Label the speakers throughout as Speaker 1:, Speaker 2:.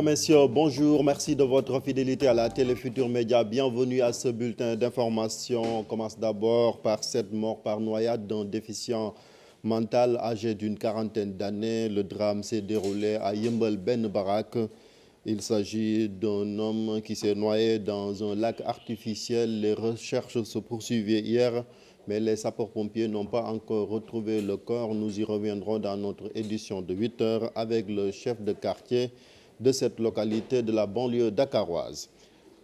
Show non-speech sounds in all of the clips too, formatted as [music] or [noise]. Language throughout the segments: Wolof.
Speaker 1: Mesdames, Messieurs, bonjour. Merci de votre fidélité à la Télé Futur Média. Bienvenue à ce bulletin d'information. On commence d'abord par cette mort par noyade d'un déficient mental âgé d'une quarantaine d'années. Le drame s'est déroulé à Yembel Ben Barak. Il s'agit d'un homme qui s'est noyé dans un lac artificiel. Les recherches se poursuivaient hier, mais les sapeurs-pompiers n'ont pas encore retrouvé le corps. Nous y reviendrons dans notre édition de 8 heures avec le chef de quartier de cette localité de la banlieue dakaroise.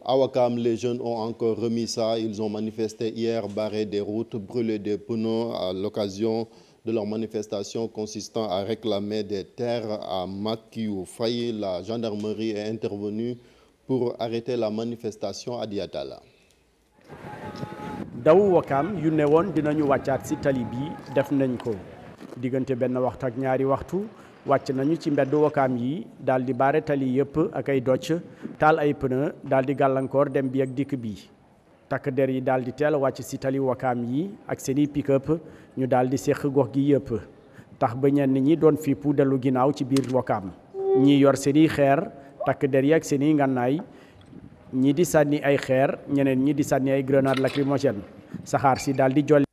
Speaker 1: À Wakam, les jeunes ont encore remis ça. Ils ont manifesté hier, barré des routes, brûlé des pneus à l'occasion de leur manifestation consistant à réclamer des terres à Makiou Faye. La gendarmerie est intervenue pour arrêter la manifestation à Diatala.
Speaker 2: dawu Wakaam yu ne woon dinañu wàccaat ci tali bi def nañ ko diggante benn waxtu ñaari waxtu wàcc nañu ci mbedd wokaam yi daal di baare tali yëpp ak ay doc taal ay pneu daal di gàllankoor dem bi ak dikk bi takk der yi daal di teel wàcc si tali wokaam yi ak seeni pick ñu daal di séq gox gi yëpp tax ba ñenn ñi doon fippu dellu ginnaaw ci biir wokaam ñi yor seeni xeer takk der yi ak seeni ngànnaay ñi di sànni ay xeer ñeneen ñi di sànni ay grenade lacrymogène saxaar si daal di jolli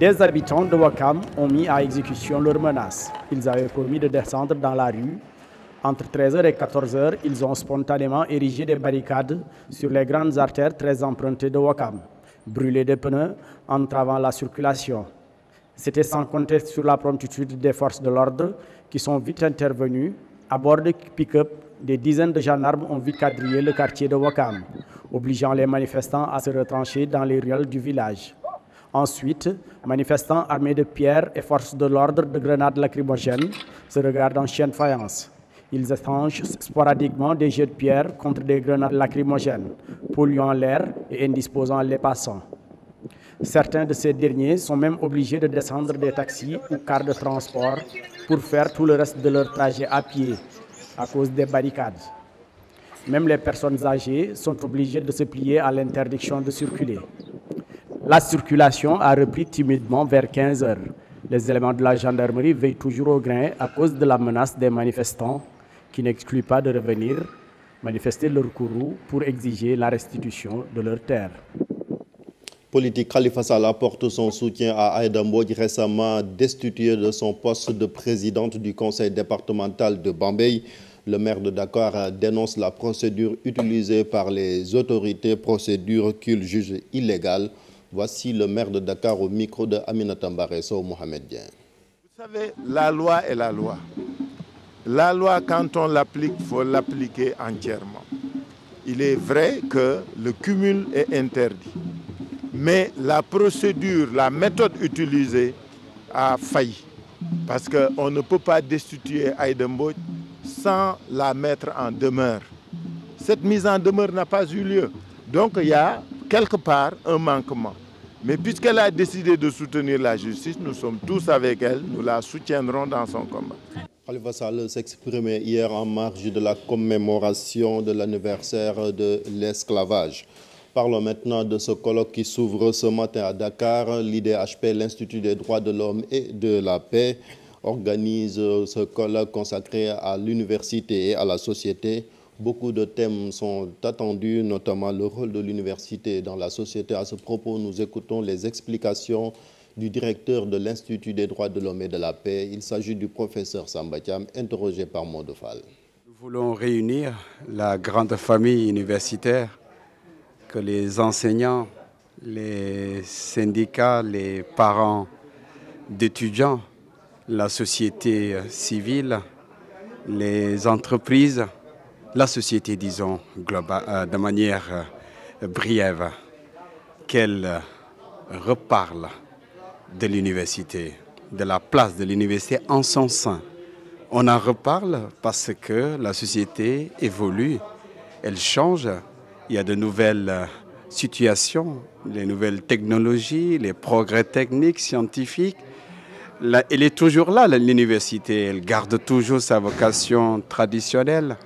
Speaker 2: des habitants de Wakam ont mis à exécution leurs menaces. Ils avaient promis de descendre dans la rue. Entre 13h et 14 ils ont spontanément érigé des barricades sur les grandes artères très empruntées de Wakam, brûlé des pneus, entravant la circulation. C'était sans compter sur la promptitude des forces de l'ordre qui sont vite intervenues. À bord de pick des dizaines de gendarmes ont vite quadrillé le quartier de Wakam, obligeant les manifestants à se Ensuite, manifestants armés de pierres et force de l'ordre de grenades lacrymogènes se regardent en chaîne faïence. Ils échangent sporadiquement des jets de pierre contre des grenades lacrymogènes, polluant l'air et indisposant les passants. Certains de ces derniers sont même obligés de descendre des taxis ou cars de transport pour faire tout le reste de leur trajet à pied à cause des barricades. Même les personnes âgées sont obligées de se plier à l'interdiction de circuler. La circulation a repris timidement vers 15 heures. Les éléments de la gendarmerie veillent toujours au grain à cause de la menace des manifestants qui n'excluent pas de revenir manifester leur courroux pour exiger la restitution de leurs terres. Politique Khalifa
Speaker 1: sala apporte son soutien à Aïda Mbodj récemment destituée de son poste de présidente du conseil départemental de Bambey. Le maire de Dakar dénonce la procédure utilisée par les autorités, procédure qu'il juge illégale. Voici le maire de Dakar au micro de Aminata Mbaré Sow Mohamed Dieng.
Speaker 3: Vous savez, la loi est la loi. La loi, quand on l'applique, il faut l'appliquer entièrement. Il est vrai que le cumul est interdit. Mais la procédure, la méthode utilisée a failli. Parce qu'on ne peut pas destituer Aydembo sans la mettre en demeure. Cette mise en demeure n'a pas eu lieu. Donc il y a quelque part un manquement. Mais puisqu'elle a décidé de soutenir la justice, nous sommes tous avec elle, nous la soutiendrons dans son combat.
Speaker 1: Khalifa Sall s'exprimait hier en marge de la commémoration de l'anniversaire de l'esclavage. Parlons maintenant de ce colloque s'ouvre ce matin à Dakar. L'IDHP, l'Institut des droits de l'homme et de la paix, organise ce colloque consacré à l'université et à la société Beaucoup de thèmes sont attendus, notamment le rôle de l'université dans la société. À ce propos, nous écoutons les explications du directeur de l'Institut des droits de l'homme et de la paix. Il s'agit du professeur Sambatiam, interrogé par Mondofal.
Speaker 4: Nous voulons réunir la grande famille universitaire que les enseignants, les syndicats, les parents d'étudiants, la société civile, les entreprises, la société, disons, globale, euh, de manière euh, brève, qu'elle euh, reparle de l'université, de la place de l'université en son sein. On en reparle parce que la société évolue, elle change, il y a de nouvelles euh, situations, les nouvelles technologies, les progrès techniques, scientifiques. Là, elle est toujours là, l'université, elle garde toujours sa vocation traditionnelle.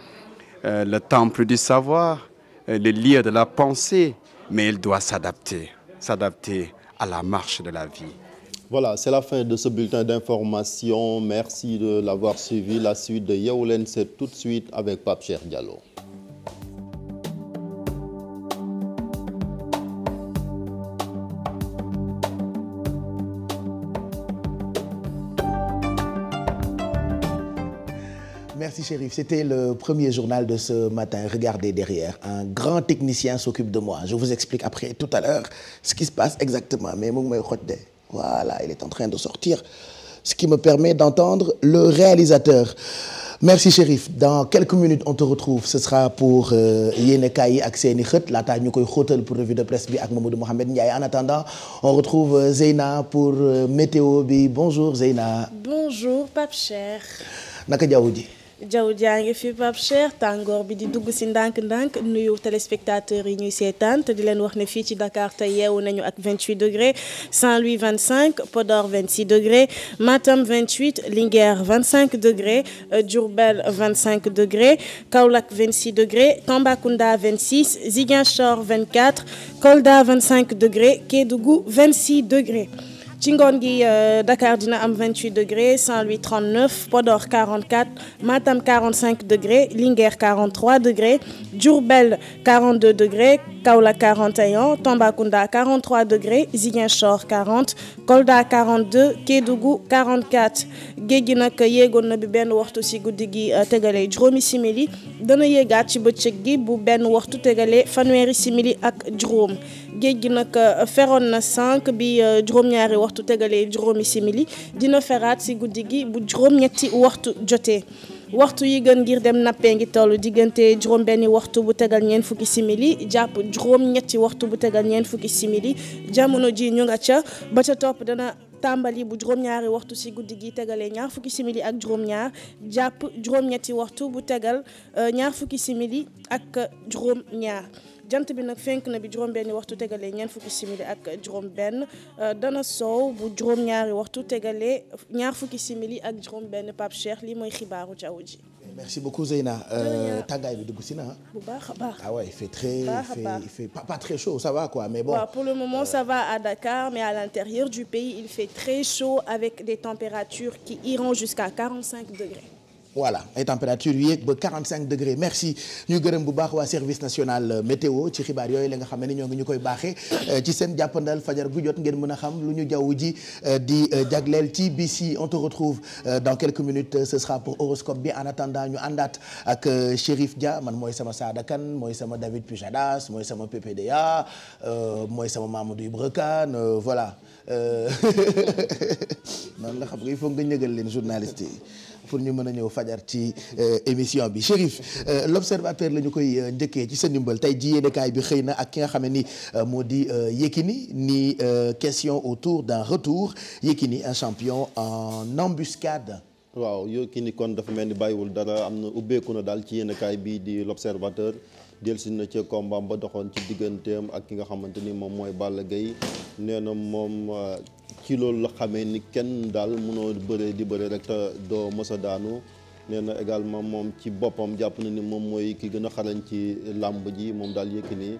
Speaker 4: euh, le temple du savoir, euh, le lieu de la pensée, mais il doit s'adapter, s'adapter à la marche de la vie.
Speaker 1: Voilà, c'est la fin de ce bulletin d'information. Merci de l'avoir suivi. La suite de Yeolen, c'est tout de suite avec Pape Cher Diallo.
Speaker 5: Merci Chérif, c'était le premier journal de ce matin. Regardez derrière, un grand technicien s'occupe de moi. Je vous explique après tout à l'heure ce qui se passe exactement. Mais mu ngi may xoj de voilà, il est en train de sortir, ce qui me permet d'entendre le réalisateur. Merci Chérif dans quelques minutes on te retrouve ce sera pour euh, yéenekaay yi ak seeni xët laataa ñu koy xóotal pour revue de presse bi ak Mamadou Mohamed Ndiaye en attendant on retrouve euh, Zeyna pour euh, météo bi bonjour Zeyna.
Speaker 6: bonjour Pape Cheikh. naka jaww ji. jaww jaa ngi fi Pape Cheikh tàngoor bi di dugg si ndànk-ndànk nuyu téléspectateurs yi ñuy seetaan te di leen wax ne fii ci Dakar tey yeewu nañu ak 28 degré Saint-Louis 25 Podor 26 degré Matam 28 Linguère 25 degré euh, Diourbel 25 degré Kaolack 26 degré Tambacounda 26 Ziguinchor 24 Kolda 25 degré Kédougou 26 degré. ci ngoon gi euh, Dakar dina am 28 degré Saint-Louis 39 Podor 44 Matam 45 degré Linguère 43 degré Diourbel 42 degré Kaolack 41 Tambacounda 43 degré Ziguinchor 40 Kolda 42 Kédougou 44 géej gi nag yéegoon na bi benn waxtu ci guddi gi euh, tegalee juróomi simili dana yéegaat ci bëccëg gi bu benn waxtu tegalee fanweeri simili ak juróom. géej gi nag euh, feroon na sànq bi euh, juróom-ñaari waxtu tegalee juróomi simili dina feraat si guddi gi bu juróom-ñetti waxtu jotee waxtu yi gën ngir dem nappee ngi toll diggante juróom benni waxtu bu tegal ñeen fukki simili jàpp juróom waxtu bu tegal ñeen fukki simili jamono ji ñu nga ca ba ca topp dana tàmbali bu juróom-ñaari waxtu si guddi gi tegalee ñaar fukki simili ak juróom jàpp juróom-ñetti waxtu bu tegal euh, ñaar fukki simili ak juróom-ñaar jant bi nag fenk na bi juróom waxtu tegalee ñeent fukki simili ak juróom-benn euh, dana soow bu juróom-ñaari waxtu tegalee ñaar fukki simili ak juróom-benn Pape Cheikh mooy xibaaru jaww ji.
Speaker 5: merci beaucoup Zeyna euh, tàngaay bi dugg si na ah?
Speaker 6: bu baax baax
Speaker 5: ah ouais il fait très il fait, il fait mais bon. Ouais,
Speaker 6: pour le moment euh... ça va à des températures qui iront jusqu'à 45 degrés.
Speaker 5: voilà ay température yu yéeg ba 45 degrés merci ñu gërëm bu baax waa service national euh, météo ci xibaar yooyu la nga xam ne ñoo ngi ñu koy baaxee euh, ci seen jàppandal fajar gu jot ngeen mën a xam lu ñu jaww ji euh, di jagleel ci BC on te retrouve dans quelques minutes ce pour horoscope bi en attendant ñu àndaat ak Chérif Dia man mooy sama Sada Kane mooy sama David Pujadas mooy sama PPDA mooy sama Mamadou Ibra Kane voilà [laughs] noonu la xam nga il faut nga ñëgal leen journaliste yi pour ñu mën a ñëw fajar ci euh, émission bi Chérif euh, l'observateur la ñu koy euh, njëkkee ci sa ndimbal tey ji kaay bi xëy na ak ki nga xam ne ni moo di Yékini ni question autour d'un retour Yékini un champion en embuscade
Speaker 1: waaw ni kon dafa mel ni bàyyiwul dara am na ubbeeku na daal ci yéenekaay bi di l'observateur delsi na ci combat ba doxoon ci digganteem ak ki nga xamante ni moom mooy Balla Gaye nee na moom ci loolu la xamee ni kenn daal mënoo bëre di bëre rek doo mës a daanu nee na également moom ci boppam jàpp na ni moom mooy ki gën a xarañ ci làmb ji moom daal yëkk nii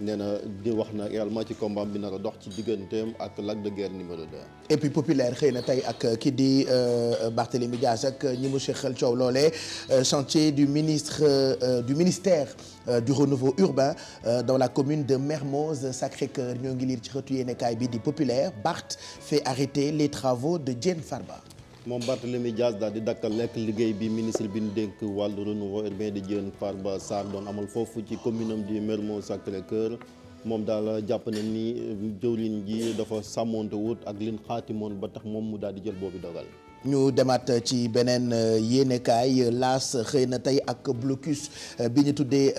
Speaker 1: nee na di wax na également ci combat bi nar a dox ci digganteem ak Lac de Guiers numéro 2.
Speaker 5: et puis populaire xëy na tey ak kii di euh, Barthélémy Dias ak ñi mu seqal coow loolee euh, chantier du ministre euh, du ministère du renouveau urbain dans la commune de Mermoz Sacré-Cœur ñoo ngi liir ci xëtu yéenekaay bi di populaire Barth fait arrêter les travaux de Diène Farba.
Speaker 1: moom Barthélémy Dias daal di dakkal lekk liggéey bi ministre bi ñu dénk wàllu renouveau urbain di Diène Farba Sarr doon amal foofu ci commune am di Mermoz Sacré-Cœur moom daal jàpp na nii euh, jëwlin ji dafa sàmmoonte wut ak lin xaatimoon ba tax moom mu daal di jël boobu dogal.
Speaker 5: ñu demaat euh, ci beneen euh, yéenekaay laas xëy na tey ak blocus bi ñu tuddee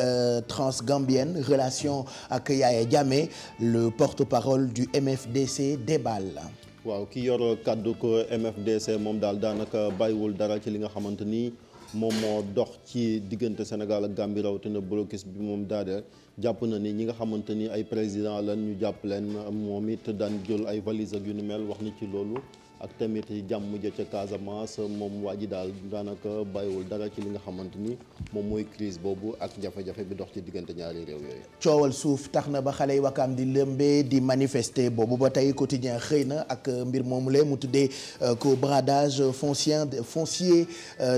Speaker 5: transgambienne relation ak Yaya Jammeh le porte-parole du MFDC déballe.
Speaker 1: waaw ki yor kàddu ko MFDC moom daal daanaka bàyyiwul dara ci li nga xamante ni moom moo dox ci diggante Sénégal ak Gambie rawatina blocus bi moom daade jàpp na ni ñi nga xamante ni ay président lan ñu jàpp leen moom it daan jël ay valise ak yu nu mel wax na ci loolu. ak tamit jàmm ja ca Casamance moom waa ji daal daanaka bàyyiwul dara ci li nga xamante ni moom mooy crise boobu ak jafe-jafe bi dox ci diggante ñaari réew yooyu.
Speaker 5: coowal suuf tax na ba xale yi wakaam di lëmbee di manifester boobu ba tey quotidien xëy na ak mbir moom lee mu tuddee ko euh, bradage foncier foncier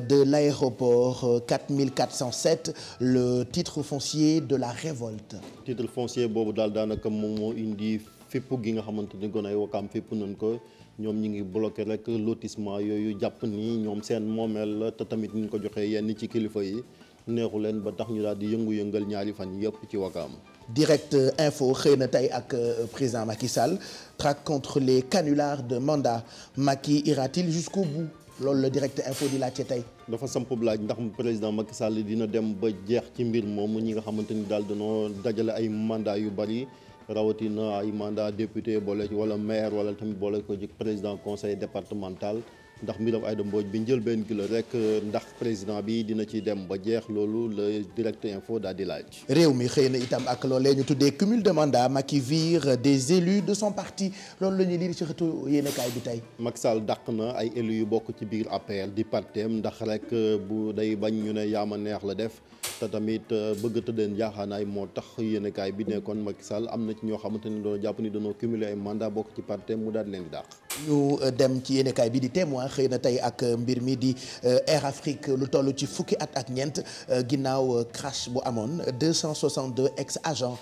Speaker 5: de euh, l'aéroport 4407 euh, le titre foncier de la révolte.
Speaker 1: titre foncier boobu daal daanaka moom moo indi fipp gi nga xamante ni gone ay wakaam fipp nañ ko. ñoom ñi ngi bloqué rek lotissement yooyu jàpp ni ñoom seen moomeel la te tamit ñu ko joxee yenn ci kilifa yi neexu leen ba tax ñu daal di yëngu-yëngal ñaari fan yëpp ci wakaam
Speaker 5: direct info xëy na tey ak euh, président Macky Sall traque contre les canulars de mandat Macky ira-t-il jusqu'au bout loolu la direct info di laajte tey.
Speaker 1: dafa samp laaj ndax président Macky Sall dina dem ba jeex ci mbir moomu ñi nga xamante ni daal danoo dajale ay mandat yu bari rawatina ay mandat député boole ci wala maire wala tamit boole ko ci président conseil départemental ndax mbiram Aïda Mbodj bi njël benn kilo rek ndax président bi dina ci dem ba jeex loolu le direct info daal di laaj. réew
Speaker 5: mi xëy na itam ak loolee ñu tuddee cumul de mandat makki vire des élus de son parti loolu la ñuy lire ci xëtu yéenekaay bi tey.
Speaker 1: Macky Sall dàq na ay élus yu bokk ci biir APR di partem ndax rek bu day bañ ñu ne yaa ma neex la def. te tamit euh, bëgg a tëddeen jaaxaanaay moo tax yéenekaay bi nekkoon Macky Sall am na ci ñoo xamante ne doon jàpp ni dañoo cumuler ay mandat bokk ci parti mu daal leen di dàq.
Speaker 5: ñu euh, dem ci yéenekaay bi di témoin xëy na tey ak euh, mbir mi di Air Afrique lu toll ci fukki at ak ñeent ginnaaw crash bu amoon 262 ex agents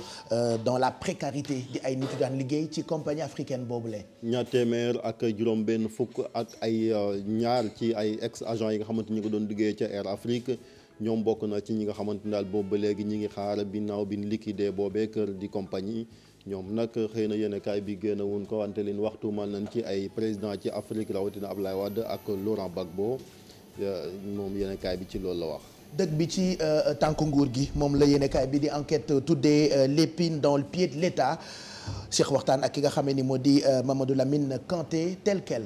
Speaker 5: dans la précarité di ay nit yu daan liggéey ci compagnie africaine boobu leen.
Speaker 1: ñaar ak juróom-benn fukk ak ay ñaar ci ay ex agents yi nga xamante ñu ko doon liggéey ca Air Afrique. ñoom bokk na ci ñi nga xamante ni daal boobu ba léegi ñi ngi xaara binnaaw bi liquidé boobee kër di compagnie ñoom nag xëy na yéen bi génn woon ko wante leen waxtu mën nañ ci ay président ci Afrique rawatina Abdoulaye Wade ak Laurent Gbagbo euh, moom yéen bi ci loolu la wax.
Speaker 5: dëgg bi ci euh, tànk nguur gi moom la yéen kaay bi di enquête tuddee euh, l'épine dans le pied de l'État Cheikh waxtaan ak ki nga xamee ni moo di Mamadou Lamine Kanté tel quel.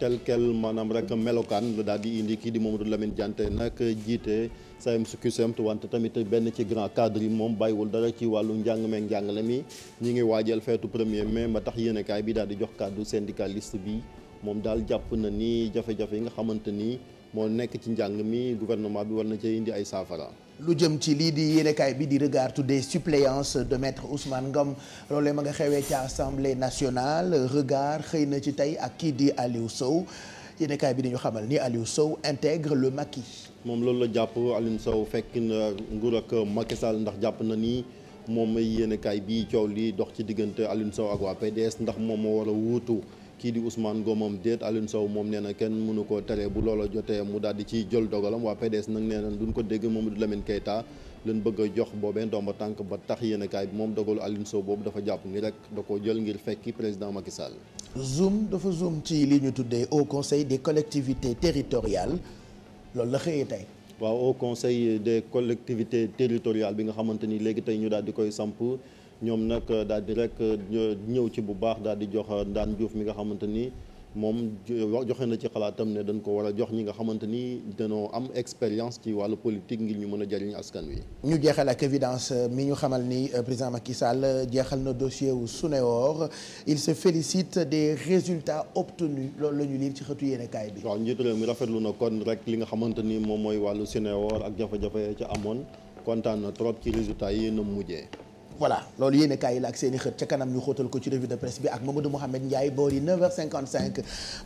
Speaker 1: tel quel maanaam rek melokaan la daal di kii di Mamadou Lamine Diante nag jiite. SAEMSUCUSEMT wante tamit benn ci grand cadre yi moom bàyyiwul dara ci wàllu njàng meeg njàngale mi ñu ngi waajal feetu premier mai ba tax yéenekaay bi daal di jox kàddu syndicaliste bi moom daal jàpp na ni jafe-jafe yi nga xamante ni moo nekk ci njàng mi gouvernement bi war na cee indi ay saafara.
Speaker 5: lu jëm ci lii di yéenekaay bi di regard des suppléances de maître Ousmane Ngom loolee ma nga xewee ci assemblée nationale regard xëy na ci tey ak kii di Aliou Sow yéenekaay bi dañu xamal ni Aliou Sow intègre le maquis.
Speaker 1: moom loolu la jàpp Alioune Sow fekk na nguur ak Macky ndax jàpp na ni moom may yéenekaay bii coow lii dox ci diggante Alioune Sow ak waa PDS ndax moom moo war a wuutu kii di Ousmane Ngomam déet Alioune Sow moom nee na kenn mënu ko tere bu loola jotee mu daal di ci jël dogalam waa PDS nag nee na duñ ko dégg moom Mamadou Lamine Keita leen bëgg jox boobee ndomba tànk ba tax yéenekaay bi moom dogalu Alioune Sow boobu dafa jàpp ni rek da ko jël ngir fekki président Macky Sall.
Speaker 5: dafa zoom ci li ñu tuddee Haut Conseil des collectivités territoriales. loolu la xëyee tey.
Speaker 1: waaw au conseil des collectivités territoriales bi nga xamante ni léegi tey ñu daal di koy samp ñoom nag daal di rek ñëw ci bu baax daal di jox Ndane Diouf mi nga xamante ni. moom joxe na ci xalaatam ne dañ ko war a jox ñi nga xamante ni dañoo am expérience ci wàllu politique ngir ñu mën a jariñ askan wi.
Speaker 5: ñu jeexal ak évidence euh, mi ñu xamal ni euh, président Macky Sall euh, jeexal na dossier wu Suneor il se félicite des résultats obtenus loolu la ñu liir ci xëtu yéenekaay bi.
Speaker 1: waaw njiitu réew mi rafetlu na kon rek li nga xamante ni moom mooy wàllu Suneor ak jafe-jafe ca amoon kontaan trop ci résultats yi na mujjee.
Speaker 5: voilà loolu yéen kaay yi la i xët ca kanam ñu xóotal ko ci revue de presse ak Mamadou Mouhamed Ndiaye boori 9 h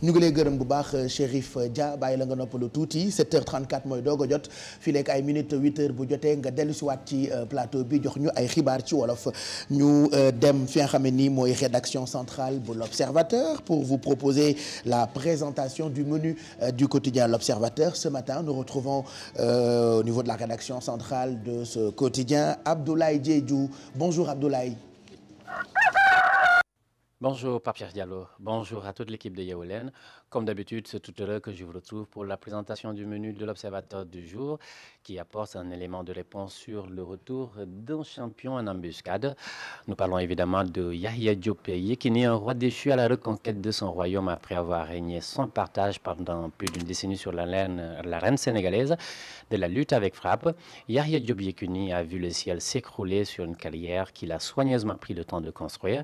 Speaker 5: ñu ngi lay gërëm bu baax euh, Chérif Dia bàyyi la nga noppalu tuuti 7h34 mooy doog jot fii léegi ay minutes 8h bu jotee nga dellusiwaat ci euh, plateau bi jox ñu ay xibaar ci wolof ñu euh, dem fi nga xam ne nii mooy rédaction centrale bu l'Observateur pour vous proposer la présentation du menu du quotidien l'Observateur ce matin nous retrouvons euh, au niveau de la rédaction centrale de ce quotidien Abdoulaye Bonjour Abdoulaye.
Speaker 7: Bonjour Pape Cheikh Diallo, bonjour à toute l'équipe de Yeewu Leen. Comme d'habitude, c'est tout à l'heure que je vous retrouve pour la présentation du menu de l'Observateur du jour qui apporte un élément de réponse sur le retour d'un champion en embuscade. Nous parlons évidemment de Yahya Diop Yékini, un roi déchu à la reconquête de son royaume après avoir régné sans partage pendant plus d'une décennie sur l'arène sénégalaise de la lutte avec frappe. Yahya Diop Yékini a vu le ciel s'écrouler sur une carrière qu'il a soigneusement pris le temps de construire.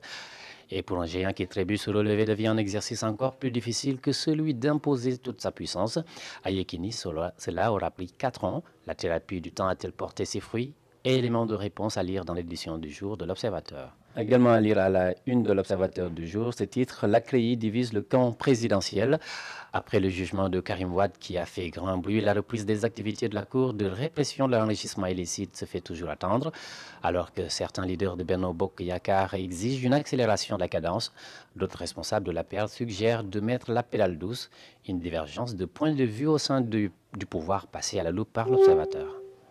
Speaker 7: Et pour un géant qui trébute, se relever devient un exercice encore plus difficile que celui d'imposer toute sa puissance. À Yekini, cela aura pris 4 ans. La thérapie du temps a-t-elle porté ses fruits Élément de réponse à lire dans l'édition du jour de l'Observateur. Également à lire à la une de l'Observateur du jour, ce divise le camp présidentiel. Après le jugement de Karim Wad qui a fait grand bruit, la reprise des activités de la Cour de répression de l'enrichissement illicite se fait toujours attendre, alors que certains leaders de Beno Bok Yakar exigent une accélération de la cadence. D'autres responsables de la suggèrent de mettre la pédale douce, une divergence de points de vue au sein du, du pouvoir passé à la loupe par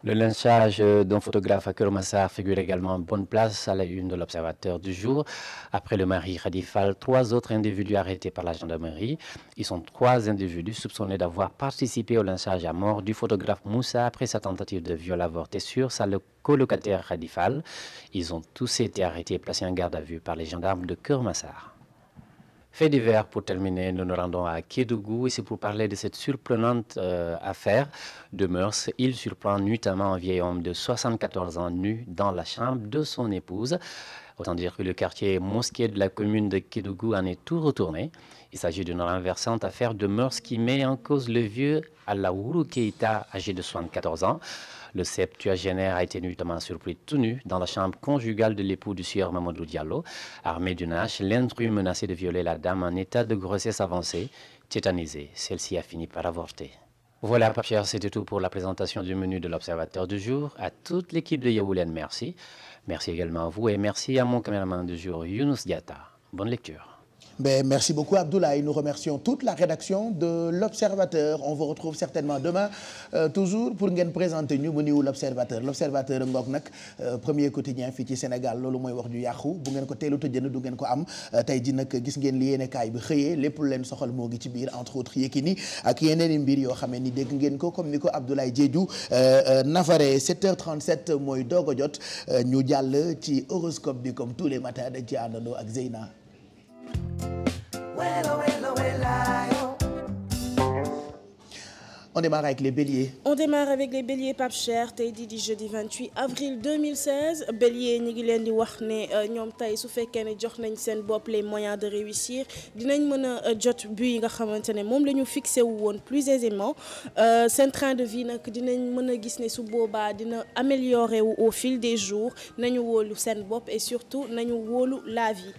Speaker 7: Le lynchage euh, d'un photographe à Kermassar figure également en bonne place à la une de l'Observateur du jour. Après le mari Khadifal, trois autres individus arrêtés par la gendarmerie. Ils sont trois individus soupçonnés d'avoir participé au lynchage à mort du photographe Moussa après sa tentative de viol avorté sur sa colocataire Khadifal. Ils ont tous été arrêtés et placés en garde à vue par les gendarmes de Kermassar. Fait divers pour terminer, nous nous rendons à de cette surprenante euh, affaire de mœurs. Il surprend notamment un vieil homme son épouse. Autant dire que le quartier commune de Kédougou en est tout retourné. Il de mœurs qui met en cause le vieux Alaourou Le septuagénaire a été notamment surpris tout nu dans la chambre conjugale de l'époux du sieur Mamadou Diallo. Armé d'une hache, l'intrus menaçait de violer la dame en état de grossesse avancée, tétanisée. Celle-ci a fini par avorter. Voilà, Papier, c'était tout pour la présentation du menu de l'Observateur du jour. À toute l'équipe de Yawulen, merci. Merci également à vous et merci à mon caméraman du jour, Younous Diata.
Speaker 5: Mais merci beaucoup Abdoulaye. Nous remercions toute la rédaction de l'Observateur. On vous retrouve certainement demain euh, toujours pour ngeen présenter ñu mu niwu l'Observateur. L'Observateur ngoog nag euh, premier quotidien fi ci Sénégal loolu mooy wax ju yàqu bu ngeen ko teelu tëjënd du ngeen ko am euh, tey ji nag gis ngeen li yéenekaay bi xëyee lépp lu leen soxal moo ngi ci biir entre autres Yékini ak yeneen i mbir yoo xamee ni dégg ngeen ko comme ni ko Abdoulaye Diédhiou Nafaré 7h37 mooy doog jot ñu jàll ci horoscope bi comme tous les matins dañ ci àndandoo ak Zeyna On démarre avec les béliers.
Speaker 6: On démarre avec les béliers Pape Cheikh tey di di jeudi 28 avril 2016 bélier ñi ngi leen di wax ne euh, ñom tey su fekkee ne jox nañ seen bopp les moyens de réussir dinañ mën a euh, jot bu yi nga xamante ne moom la fixé wu woon plus aisément euh, seen train de vie nag dinañ mën a gis ne su boobaa dina améliorer wu au fil des jours nañu wóolu seen bopp et surtout nañu wóolu la vie.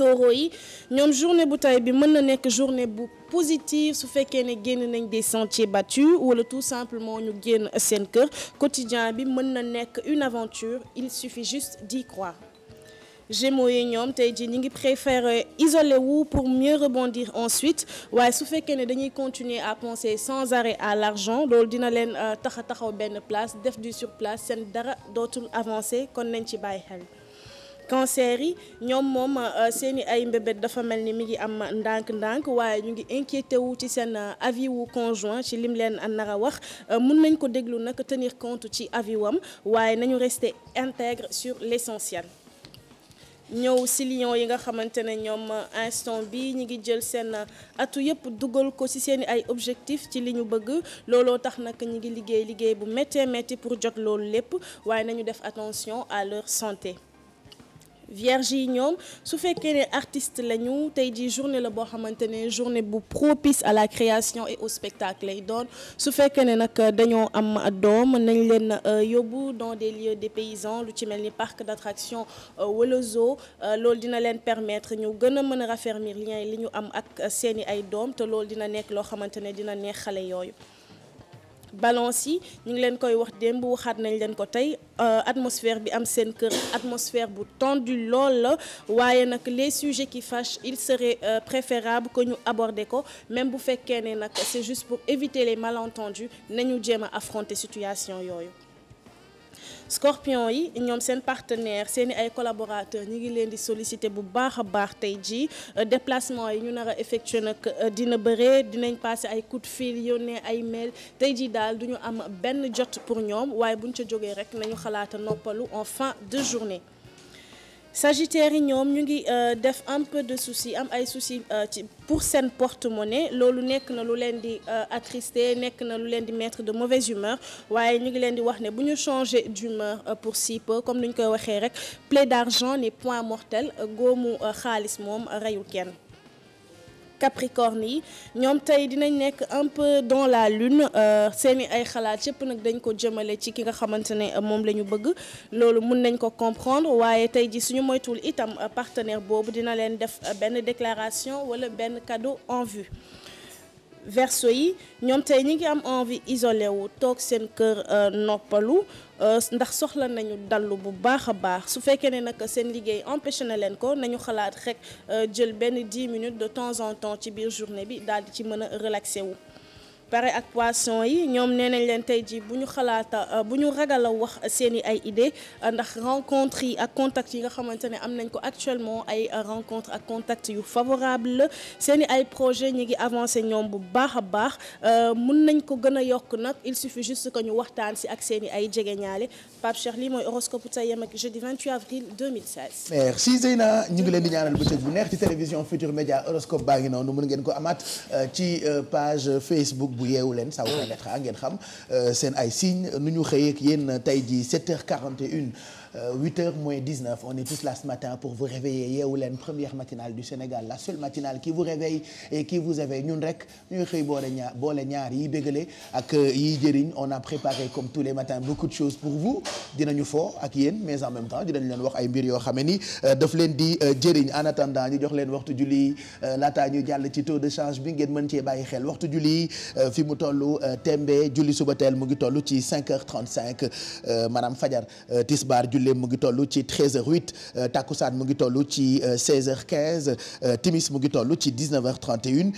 Speaker 6: soo yi ñoom journée bu tay bi mën na nekk journée bu positive su fekkee ne génn nañ des sentiers battus wala tout simplement ñu génn seen kër quotidien bi mën na nekk une aventure il suffit juste d'y croire Gémeaux yi ñoom tey jii ñi ngi préférer isoler wu pour mieux rebondir ensuite waaye su fekkee ne dañuy continuer à penser sans arrêt à l'argent doolu dina leen euh, taxa taxaw benn place def du surplace seen dara dootul avancer kon nañ ci bàyyi xel cancer yi ñoom moom euh, seen i ay mbébét dafa mel ni mi ngi am ndànk-ndànk waaye ñu ngi inquiété wu ci seen euh, avis wu conjoint ci lim leen nar a wax euh, mun nañ ko déglu naka tenir compte ci avis waaye nañu rester intègre sur l'essentiel ñëw si lion yi nga xamante ne ñoom instant bi ñi ngi jël seen atu yëpp dugal ko ci seeni ay objectif ci li ñu bëgg looloo tax nag ñi ngi liggéey liggéey bu méttee métti pour jot loolu lépp waaye nañu def attention à leur santé vierge yi ñoom su fekkee ne artiste lañu tey jii journée la boo xamante ne journée bu propice à la création et au spectacle lay doon su fekkee ne nag euh, dañoo am doom nañ leen euh, yóbbu dans des lieux dépaysants lu ci mel ni parc d'attraction euh, wala zoo loolu dina leen permettre ñu gën a mën a raffermir lien li ñu am ak seeni ay doom te loolu dina nekk loo xamante ne dina neex xale yooyu balance yi ñu ngi leen koy wax démb waxaat nañ leen ko tey euh, atmosphère bi am seen kër atmosphère bu tendu lool la waaye nag les sujets qui fâchent il serait euh, préférable ko ñu aborder ko même bu fekkee ne nag c'est juste pour éviter les malentendus ñu jéem a affronter situation yooyu Scorpion yi ñoom seen partenaire seen i ay collaborateurs ñi ngi leen di sollicité bu baax a baax tey jii euh, déplacement yi ñu nar a effectué nag euh, dina bëree dinañ passé ay coup de fil yónnee ay mail tey jii daal du ñu am benn jot pour ñoom waaye buñ ca jógee rek nañu xalaata noppalu en fin de journée. sagittaire yi ñoom ñu ngi euh, def un peu de souci am ay souci euh, ci pour seen porte-monnaie loolu nekk na lu leen di euh, attristé nekk na lu leen di mettre de mauvaise humeur waaye ñu ngi leen di wax ne bu ñu changer d'humeur pour si peu comme ni ñu koy waxee rek plaie d'argent n'est point mortel góomu xaalis moom reyul kenn Capricorne yi ñoom tey dinañ nekk un peu dans la lune euh, seeni ay xalaat yëpp nag dañ ko jëmale ci ki nga xamante ne euh, moom la ñu bëgg loolu mun nañ ko comprendre waaye tey ji suñu moytuwul itam euh, partenaire boobu dina leen def benn déclaration wala benn cadeau en vue verso yi ñoom tey ñi ngi am envie isolé wu toog seen kër euh, noppalu euh, ndax soxla nañu dallu bu baax a baax su fekkee ne nag seen liggéey empêché na leen ko nañu xalaat rek euh, jël benn 10 minutes de temps en temps ci biir journée bi daal di ci mën a relaxé wu. pare ak poisson yi ñoom nee nañ leen tey jii bu ñu xalaata euh, bu ñu ragal wax seen i ay idée euh, ndax rencontre yi ak contact yi nga xamante ne am nañ ko actuellement ay euh, rencontre ak contact yu favorable la seen i ay projet ñi ngi avancé ñoom bu baax a baax mun nañ ko gën a yokk nag il suffit juste que ñu waxtaan si ak seen i ay jegeñaale Pape Cheikh lii mooy horoscope tey yem jeudi avril 2016.
Speaker 5: merci Zeyna ñu ngi leen di ñaanal bëccëg bu neex ci télévision Futur Média horoscope baa ngi ngeen ko amaat ci page Facebook. bu yeewu leen ça vous mm. permettra ngeen xam euh, seen ay signe nu ñu xëyeeg yéen tey ji 7h41 Euh, huit heures moins dix-neuf on est tous là ce matin pour vous réveiller yeewu leen première matinale du Sénégal la seule matinale qui vous réveille et qui vous éveille ñun rek ñuy xëy boole ñaar yi bégale ak euh, yiy jëriñ on a préparé comme tous les matins beaucoup de choses pour vous dinañu foo ak yéen mais en même temps dinañ leen wax ay mbir yoo xam ne ni euh, daf leen di jëriñ en attendant ñu jox leen waxtu julli laataa ñu jàll ci taux de change bi ngeen mën cee bàyyi xel waxtu julli fi mu toll tembe julli suba teel mu ngi toll ci 5 heures 35 maanaam fajar jullee mu ngi toll ci 13h08 euh, takkusaan mu ngi toll ci 16 euh, h quinze euh, timis mu ngi toll ci 19h31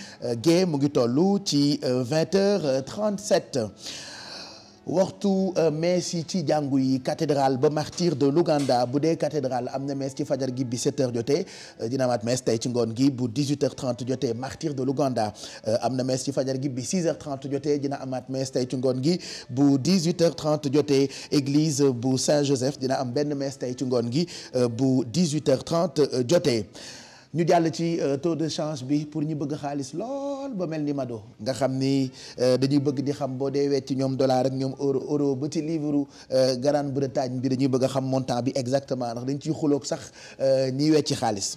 Speaker 5: gée mu ngi toll ci 20h37 waxtu euh, mees yi ci jàngu yi cathédrale ba martyr de l'Ouganda bu dee cathédrale am na mees ci fajar gi bi 7 jotee euh, dina amaat mees tey ci ngoon gi bu 18h30 jotee martyr de l'Ouganda euh, am na mees ci fajar gi bi 6h30 jotee dina amaat mees tey ci ngoon gi bu 18h30 jotee église bu Saint-Joseph dina am benn mees tey ci ngoon gi bu 18h30 jotee. ñu jàll ci euh, taux de chance bi pour ñu bëgg xaalis lool ba mel ni Mado nga xam ni euh, dañuy bëgg di xam boo dee wecc ñoom dollar ak ñoom euro euro ba ci livre euh, Grande-Bretagne bi dañuy bëgg a xam montant bi exactement ndax dañ ciy xuloog sax ñiy wecci xaalis.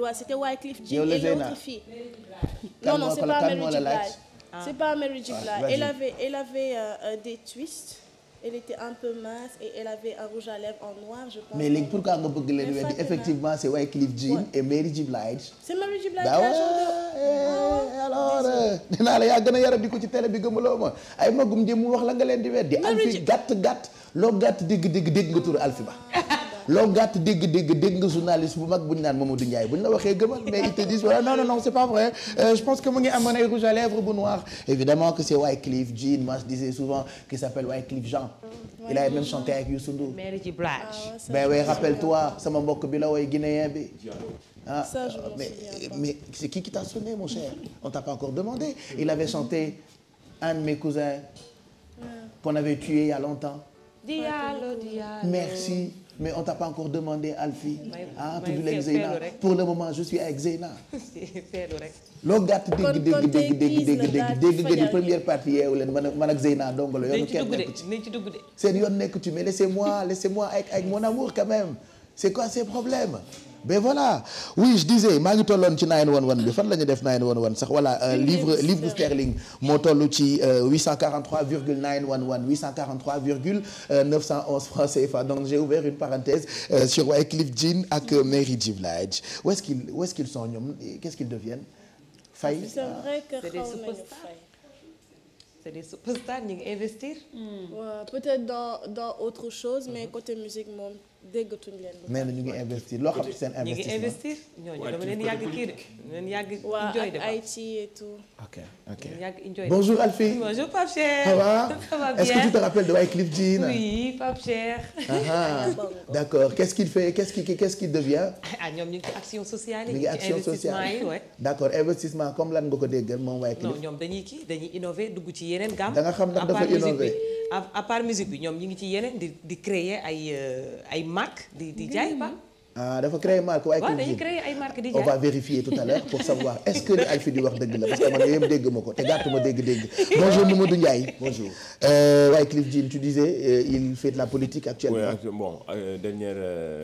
Speaker 6: Ouais, c'était Wycliffe Jean et l'autre fille. Non, non, c'est pas Mary J. Ah. Blige. Euh, euh, Mais léegi
Speaker 5: pourquoi nga bëgg leen weddi effectivement c'est Wycliffe Jean et Mary J. Blige. C'est
Speaker 6: Mary eh, ah, euh,
Speaker 5: dinaa la yaa gën a yaram di ko ci tele bi gëmuloo ma ay magum jëm mu wax la nga leen di di Alfi gàtt gàtt loo gàtt dégg dégg dégg nga tur Alfi ba. loo gàtt dégg dégg dégg nga journaliste bu mag bu ñu naan Mamadou Ndiaye bu ñu la waxee gëmal mais ils te disent voilà non non non c'est pas vrai euh, je pense que mu ngi amoon ay rouge à lèvres bu noir évidemment que c'est Wyclef Jean moi je disais souvent qu'il s'appelle Wyclef Jean mm, il a même chanté avec Youssou Ndour
Speaker 8: ah, ben oui rappelle-toi
Speaker 5: sama mbokk bi la woy guinéen bi ah, ah mais eh, mais c'est qui qui t'a sonné mon on t'a pas encore demandé il avait chanté un de mes cousins ah. qu'on avait a longtemps mais on t'a pas encore demandé Alfie. ah tudd leen Zeyna pour le moment je suis avec Zeyna. [laughs] loo gàtt dégg dégg dégg dégg dégg dégg nga di première partie yeewu leen man ak man ak Zeyna dong la yoonu kenn nekku ci seen yoon nekku ci mais laissez-moi laissez-moi avec avec mon amour quand même c'est quoi ces problèmes. mais voilà oui je disais maa ngi tolloon ci 911 bi fan la ñu def 911 sax voilà euh, livre livre sterling moo toll ci 843 euh, virgule 911 843 virgule 911 francs CFA donc j'ai ouvert une parenthèse euh, sur Wyclef Jean ak Mary J Blige où est-ce qu'ils où est-ce qu'ils sont ñoom qu'est-ce qu'ils deviennent fay c'est vrai
Speaker 8: que xaw nañu fay c'est des superstars ñu ngi investir.
Speaker 6: waaw peut-être dans dans autre chose mais côté musique moom. déggatuñ leen. nee na
Speaker 5: ñu ngi investir loo xam ci seen. investissement ñu ngi investir
Speaker 6: ñooñu dama leen yàgg kii rek leen yàgg. enjoy de ay ci et tout. ok ok bonjour Alfie. bonjour Pape Cheikh. ça va [laughs] ça va bien est-ce que tu te
Speaker 5: rappelles de White Cliff Jean. oui
Speaker 8: Pape ah, ah.
Speaker 5: d'accord qu'est-ce qu'il fait qu'est-ce qui quest [laughs]
Speaker 8: ah ñoom ñu ngi ci action sociale yi. ñu ngi action sociale
Speaker 5: d'accord investissement comme lan nga ko déggal moom White Cliff. non ñoom
Speaker 8: dañuy kii dañuy innover dugg ci yeneen gamme. da nga xam ndax dafa à part musique bi ñoom ñi ngi ci yeneen di di créer ay euh, ay marques di di jaay ba
Speaker 5: ah dafa créer marque waaye. waaw
Speaker 8: dañuy on va
Speaker 5: vérifier tout à l'heure pour savoir est-ce que li Alfi di wax dëgg la parce que ma ko te gàtt ma dégg-dégg. bonjour Mamadou Ndiaye bonjour. Euh, waaye Cliff Jean tu disais euh, il fait de la politique actuellement.
Speaker 9: oui bon dernière